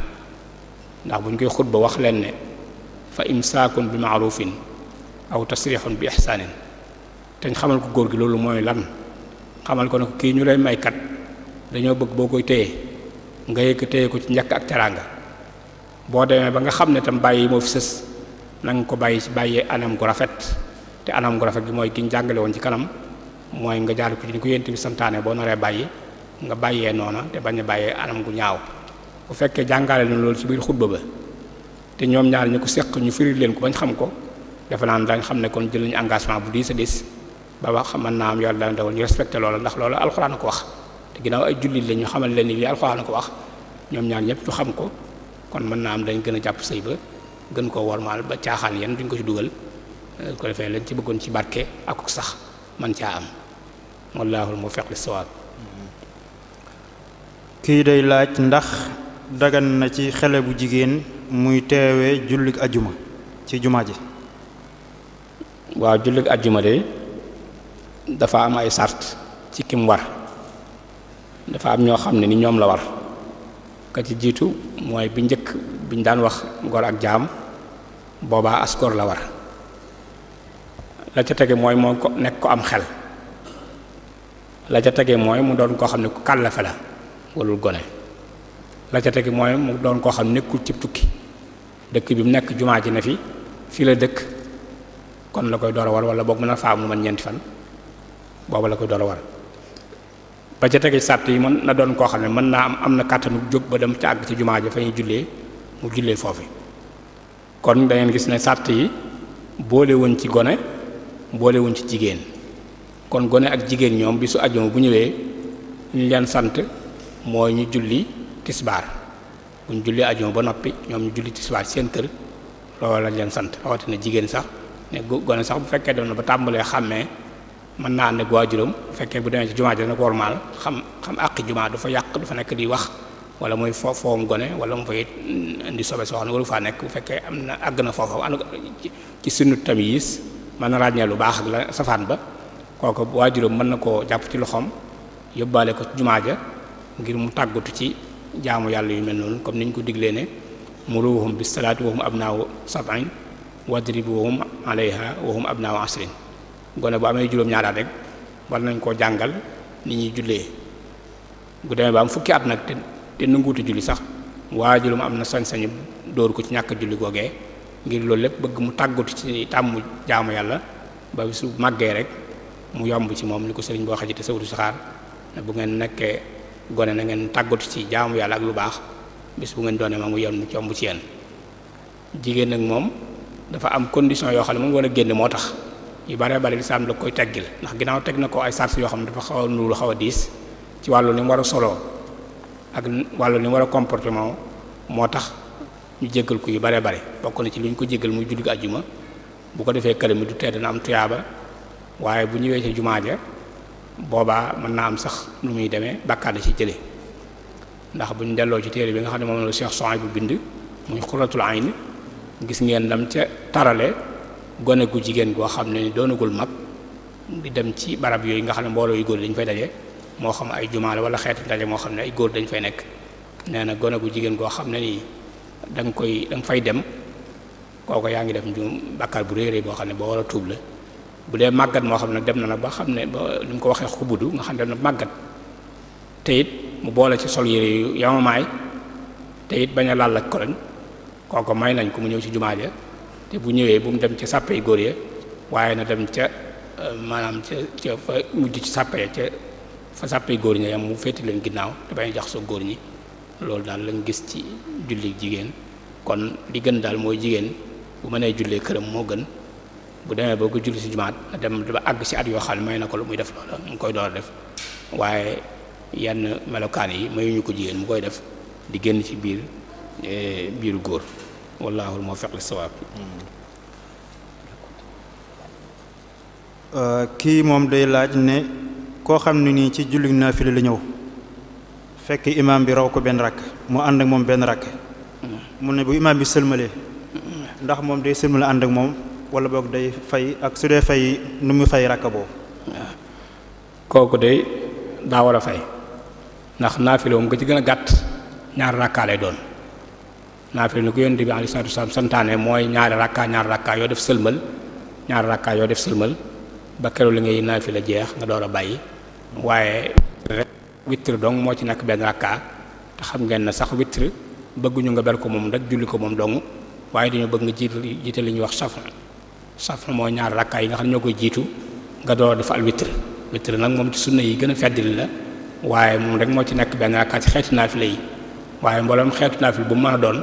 Speaker 2: ndax bu ñu koy xutba wax leen ne fa imsaakun bi maarufin aw tasrixun bi ixsaanin te ñu xamal ko góor gi loolu mooy lan xamal ko ne ko kii ñu lay may kat dañoo bëgg boo koy téye nga yëkk téye ko ci njëkk ak teraanga boo demee ba nga xam ne tam bàyyi moo fi sës na nga ko bàyyi ci bàyyee anam gu rafet te anam gu rafet bi mooy ki ñu jàngale woon ci kanam mooy nga jaar ko ci ni ko yént bi santaane boo naree bàyyi nga bàyyee noona te bañ a bàyyee anam gu ñaaw bu fekkee jàngale na loolu ci biir xutba ba te ñoom ñaar ñu ko seq ñu firi leen ko bañ xam ko dafa naan dañ xam ne kon jël nañu engagement bu diis a diis ba wax mën naa am yàlla dana dawal ñu respecté loola ndax loola alxuraan ko wax te ginnaaw ay la ñu xamal leen ni li alxuraan ko wax ñoom ñaar ñëpp ñu xam ko kon mën naa am dañ gën a jàpp sëy ba gën koo wormaal ba caaxaan yeen duñ ko ci dugal Eh, ko ci bëggoon ci barke akuk sax man caa am wallaahul muwaffiq li sawaab kii day laaj ndax dagan na ci xale bu jigéen muy teewee jullig
Speaker 1: ajuma ci juma ji
Speaker 2: waaw jullig ajuma de dafa am ay sart ci kim war dafa am ñoo xam ne ni ñoom la war ka ci jiitu mooy bi njëkk biñ daan wax ngor ak jaam boobaa askor la war la ca tege mooy moo ko nekk ko am xel la ca tege mooy mu doon koo xam ne ku kàllafe la walul gone la ca tege mooy mu doon koo xam nekkul ci tukki dëkk bi mu nekk jumaa ji ne fi fii la dëkk kon la koy door a war wala boog mën a faamu ñeenti fan booba la koy door a ba ca tege sàtt yi mën na doon koo xam ne mën naa am am na kàttanu jóg ba dem ca àgg ci jumaa ji fa ñuy jullee mu jullee foofu kon da gis ne sàtt yi boole woon ci gone boolewuñ ci jigéen kon gone ak jigéen ñoom bi su ajjuma bu ñëwee ñu leen sant mooy ñu julli tisbaar bu ñu julli ajjuma ba noppi ñoom ñu julli tisbaar seen kër loolu lañ leen sant rawatina jigéen sax ne gone sax bu fekkee dem na ba tàmbalee xàmmee mën naa ne waajuram bu fekkee bu demee ci jumaa ji dana ko wormaal xam xam àqi jumaa du fa yàq du fa nekk di wax wala muy fo foom gone wala mu fay indi sobe soo xam ne waru faa nekk bu fekkee am na àgg na foofa ci sunu tamyiz mën na ràññee lu baax ak la safaan ba kooku waajuram mën na koo jàpp ci loxoom yóbbaale ko jumaa ngir mu tàggatu ci jaamu yàlla yu mel noonu comme niñ ko diglee ne muruhum bis salaati wahum abnaaw sab'in wadribuhum alayha wahum abnaaw asrin gone bu amee juróom-ñaari rek war nañ koo jàngal ni ñuy jullee bu demee ba am fukki at nag te te nanguutu julli sax waajuram am na sañ-sañu dóor ko ci ñàkk julli googee ngir loolu lépp bëgg mu tàggutu ci tàmm jaamu yàlla ba su màggee rek mu yomb ci moom li ko sëriñ boo xaji te sawdu saxaar ne bu ngeen nekkee gone na ngeen tàggatu ci jaamu yàlla ak lu baax bis bu ngeen doonee ma mu yomb yomb ci yéen jigéen nag moom dafa am condition yoo xam ne moom war a génn moo tax yu bare bare lislaam la koy teggil ndax ginnaaw teg na ko ay sart yoo xam ne dafa xaw a nuuru xaw a diis ci wàllu ni mu war a solo ak wàllu ni mu war a moo tax ñu jéggal ko yu bare bare bokk na ci lu ñu ko jéggal muy julli ajjuma bu ko defee këram mi du tee dana am tuyaaba waaye bu ñëwee ci jumaa ja boobaa mën naa am sax lu muy demee bàkkaar da ci jële ndax bu ñu delloo ci téere bi nga xam ne moom la Cheikh Sohay bu bind muy xuratul ayn gis ngeen lam ca tarale gone gu jigéen goo xam ne doonagul mag di dem ci barab yooyu nga xam ne mbooloo yu góor dañ fay daje moo xam ay jumaa la wala xeetu daje moo xam ne ay góor dañ fay nekk nee na gone gu jigéen goo xam ne nii da nga koy da nga fay dem kooko yaa ngi def njuum bàkkaar bu réeré boo xam ne boo war a tuub la bu dee màggat moo xam ne dem na nag ba xam ne ba ni mu ko waxee xubudu nga xam ne na màggat te it mu boole ci sol yére yu yamamaay te it bañ a laal ak koloñ kooko may nañ ko mu ñëw ci jumaa ja te bu ñëwee bu mu dem ca sàppe góor ya waaye na dem ca euh, maanaam ca ca fa mujj ci sàppe ca fa góor ña yam mu féeti leen ginnaaw te bañ jax soo góor ñi loolu daal lañ gis ci julli jigéen kon li gën daal mooy jigéen bu mënee jullee këram moo gën bu demee ba ko julli si jumaat dem ba àgg si at yoo xam ne may na ko la muy def loola mu koy doxa def waaye yenn melokaan yi mayuñu ko jigéen mu koy def di génn ci biir eh, biiru góor wallaahul muwaffiq li sawaab
Speaker 1: euh, kii moom day laaj ne koo xam ne nii ci julli naafila la ñëw fekk imaam bi raw ko benn rakk mu ànd ak moom benn rakk mm-hmm. mu ne bu imaam bi sëlmalee mm-hmm. ndax moom day sëlmale ànd ak moom wala boog day fay
Speaker 2: ak su dee fay nu mu fay rakk boobu kooku day daa war a fay ndax naafile moom nga ci gën a gàtt ñaari rakkaa lay doon naafile ni ko yonent bi alayhi salaatu wasalaam santaane mooy ñaari rakkaa ñaari rakkaa yoo def sëlmal ñaari rakkaa yoo def sëlmal ba keroog li ngay naafile jeex nga door a bàyyi waaye witr dong moo ci nakk benn rakkaa te xam ngeen ne sax witr bëgguñu nga ber ko moom rek julli ko moom dong waaye dañu bëgg nga jiitu jiite li ñuy wax safn safn mooy ñaar rakkaa yi nga xam ne ñoo koy jiitu nga door dafa al witr witr nag moom ci sunna yi gën a feddali la waaye moom rek moo ci nekk benn rakkaa ci xeetu naafila yi waaye mbooloom xeetu naafila bu mu doon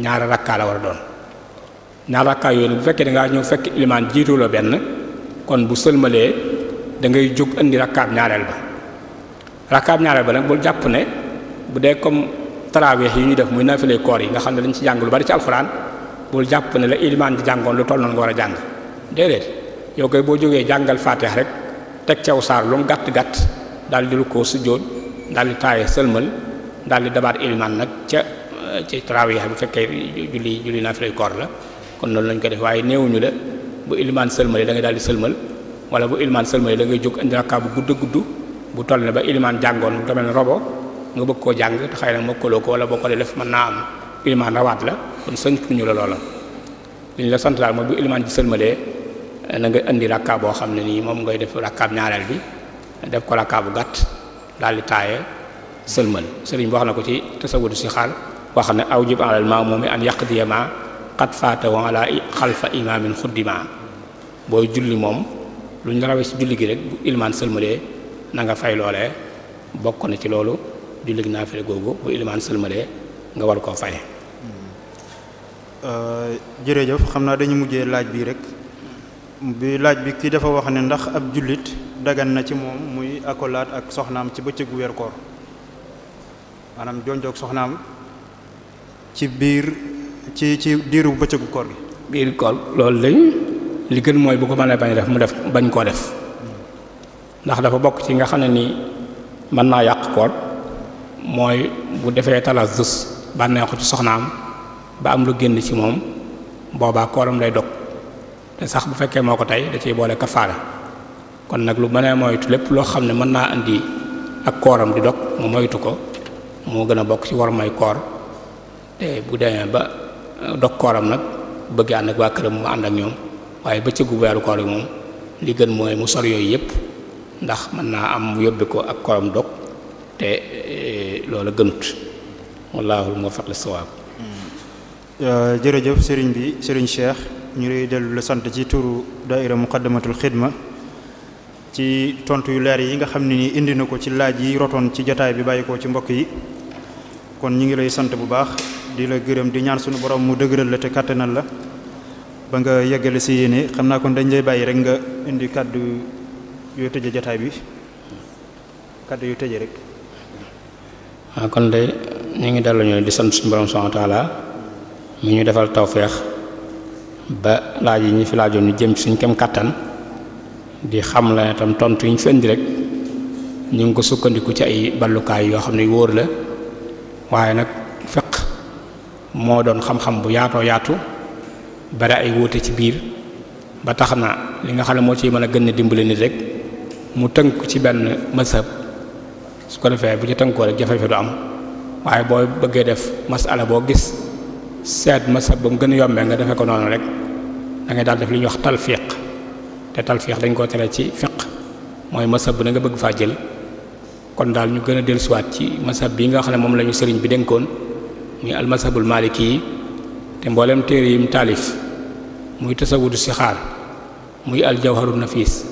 Speaker 2: ñaari rakkaa la war doon ñaari rakkaa yooyu bu fekkee da ngaa ñëw fekk ilimaan jiitu benn kon bu sëlmalee da ngay jóg indi rakkaab ñaareel ba rakkaab ñaareel ba nag bul jàpp ne bu dee comme taraweex yi ñuy def muy nafile koor yi nga xam ne dañ ci jàng lu bari ci alxuraan bul jàpp ne la ilimaan di jàngoon lu toll noonu nga war a jàng déedéet yow koy boo jógee jàngal fatiha rek teg cew saar lu mu gàtt gàtt daal di lu ko sujjóot daal di taaye sëlmal daal di dabaat ilimaan nag ca euh, ci taraweex bu fekkee julli julli nafile koor la kon loolu lañ ko def waaye néewuñu la bu ilimaan sëlmal yi da ngay daal di sëlmal wala bu ilimaan sëlmal yi da ngay jóg indi bu gudd gudd bu toll ne ba ilimaan jàngoon mu mel ne robo nga bëgg koo jàng te xëy na mokkaloo ko wala boo ko dee def man naa am ilimaan rawaat la kon sëñtuñu la lu ñu la sant daal mooy bu ilimaan ji sëlmalee na nga indi rakka boo xam ne nii moom ngay def rakkaab ñaareel bi def ko rakka bu gàtt daal di taaye sëlmal sëriñ wax na ko ci tasawudu si xaal wax ne aw jib alal maamumi an yaqdiya ma qad faatahu ala xalfa imaamin xuddima booy julli moom lu ñu rawee si julli gi rek bu ilimaan sëlmalee nanga fay loole bokk na ci loolu jullit naafile googu bu ilimaan sëlmalee nga war koo fay.
Speaker 1: Euh, jërëjëf xam naa dañu mujje laaj bi rek bi laaj bi kii dafa wax ne ndax ab jullit dagan na ci moom muy akolaat ak soxnaam ci bëccëgu weer koor maanaam jonjoog soxnaam ci
Speaker 2: biir ci ci diiru bëccëgu koor gi. biir koor loolu lañ li gën mooy bu ko mënee bañ def mu def bañ koo def. ndax dafa bokk ci nga xam ne nii mën naa yàq koor mooy bu defee talas dus bànneexu ci soxnaam ba am lu génn ci moom boobaa kooram lay dog te sax bu fekkee moo ko tey da ciy boole kafaara kon nag lu mënee moytu lépp loo xam ne mën naa indi ak kooram di dog mu moytu ko moo gën a bokk ci war may koor te bu demee ba euh, dog kooram nag bëgg ànd ak waa këram mu ànd ak ñoom waaye bëccëgu weeru koor yi moom li gën mooy mu sor yooyu yépp ndax mën naa am mu yóbbi ko ak koram dog te eh, loola gënut wallaahul muwaffiq lis-sawaab hmm.
Speaker 1: euh, jërëjëf sëriñ bi sëriñ Cheikh ñu lay dellu la sant ci turu daaira muqaddamatul xidma ci tontu yu leer yi nga xam ne nii indi na ko ci laaj yi rotoon ci jataay bi bàyyi ko ci mbokk yi kon ñu ngi lay sant bu baax di la gërëm di ñaan suñu borom mu dëgëral la te kàttanal la ba nga yeggale si yéene xam naa kon dañ lay bàyyi rek nga indi kàddu yooyu tëje jataay bi kàddu yu tëje rek
Speaker 2: waaw ah, kon de ñu ngi dellu ñu di sant suñu borom subhanahu ñu defal tawfeex ba laaj yi ñu fi laajoon ñu jëm ci suñ kem kàttan di xam la itam tontu yi ñu fi indi rek ñu ngi ko sukkandiku ci ay ballukaay yoo xam ne wóor la waaye nag fekk moo doon xam-xam bu yaatoo yaatu bari ay wóote ci biir ba tax na li nga xam ne moo ci mën a gën a dimbali nit rek mu tënk ci benn masab su ko defee bu ci tënkoo rek jafe-jafe du am waaye boo bëggee def masala boo gis seet masab ba mu gën a yombee nga defee ko noonu rek da ngay daal def lu ñuy wax talfiq te talfiq dañ koo tere ci fiq mooy masab bu ne nga bëgg faa jël kon daal ñu gën a dellusiwaat ci masab bi nga xam ne moom la ñu sëriñ bi dénkoon muy almasabul maliki yi te mboolem téere yi yim taalif muy tasawudu sixaar muy aljawharu nafiis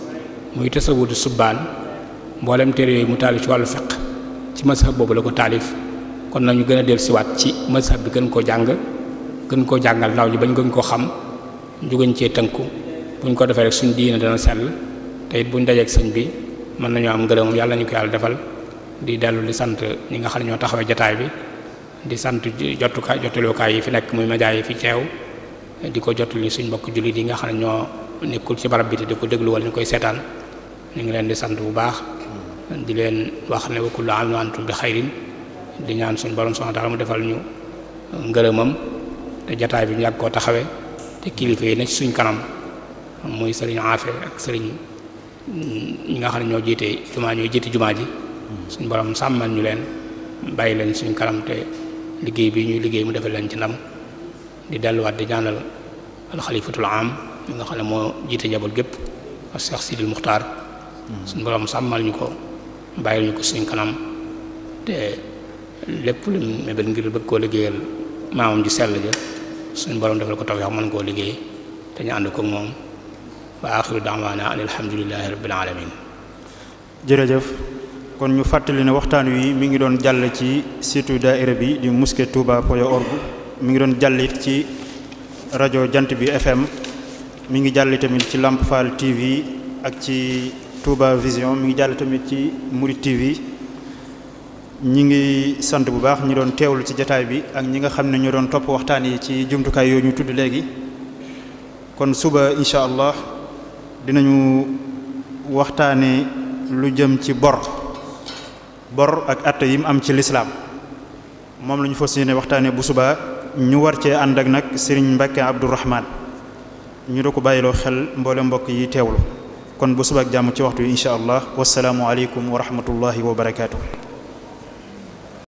Speaker 2: muy tasawudu subbaan mboolem téere yooyu mu taalif ci wàllu fiq ci mazhab boobu la ko taalif kon nañu gën a siwaat ci mazhab bi gën koo jàng gën koo jàngal ndaw ñi bañ gën koo xam ñu gën cee tënku buñ ko defee suñ diina dana sell te buñ dajeeg sëñ bi mën nañoo am ngërëmam yàlla ñu ko yàlla defal di dellu di sant ñi nga xam ne ñoo taxawee jataay bi di sant jotukaay jotulookaay yi fi nekk muy média yi fi ceew di ko jotul suñ mbokk jullit yi nga xam ne ñoo nekkul ci barab bi te di ko déglu wala ñu koy seetaan ñu ngi leen di sant bu baax di leen wax ne wa kullu am wa antum bi xayrin di ñaan suñu borom subhaanahu wa ta'aala mu defal ñu ngërëmam te jataay bi ñu koo taxawee te kilifa yi ne suñ kanam muy sëriñ Afe ak ñi nga xam ne ñoo jiite jumaa ñoo jiite jumaa ji suñ borom sàmmal ñu leen bàyyi leen suñ kanam te liggéey bi ñuy liggéey mu defal leen ci ndam di delluwaat di ñaanal alxalifatul am mi nga xam ne moo jiite njaboot gépp ak Cheikh Sidil Muxtaar suñu borom sàmmal ñu ko bàyyil ñu ko suñ kanam te lépp lu mébét ngir bëgg koo liggéeyal maamam ji sell ja suñu borom defal ko taw yoo koo liggéey te ñu ànd ko moom wa axiru daawaana an alhamdulillahi rabbil alamin
Speaker 1: jërëjëf kon ñu fàttali ne waxtaan wi mi ngi doon jàll ci surtout daaira bi di muske Touba Poyo org mi ngi doon jàll it ci rajo jant bi FM mi ngi jàll tamit ci Lamp Fall TV ak ci Touba Vision mi ngi jàll tamit ci Mouride TV ñi ngi sant bu baax ñi doon teewlu ci jataay bi ak ñi nga xam ne ñoo doon topp waxtaan yi ci jumtukaay yooyu ñu tudd léegi kon suba incha allah dinañu waxtaane lu jëm ci bor bor ak atte yi mu am ci lislaam moom la ñu fas yéene waxtaane bu subaa ñu war cee ànd ak nag Serigne Mbacke Abdourahman ñu da ko bàyyiloo xel mboole mbokk yi teewlu kon bu subaak jàmm ci waxtu yi incha allah wasalaamualeykum wa rahmatullahi wa barakaatu.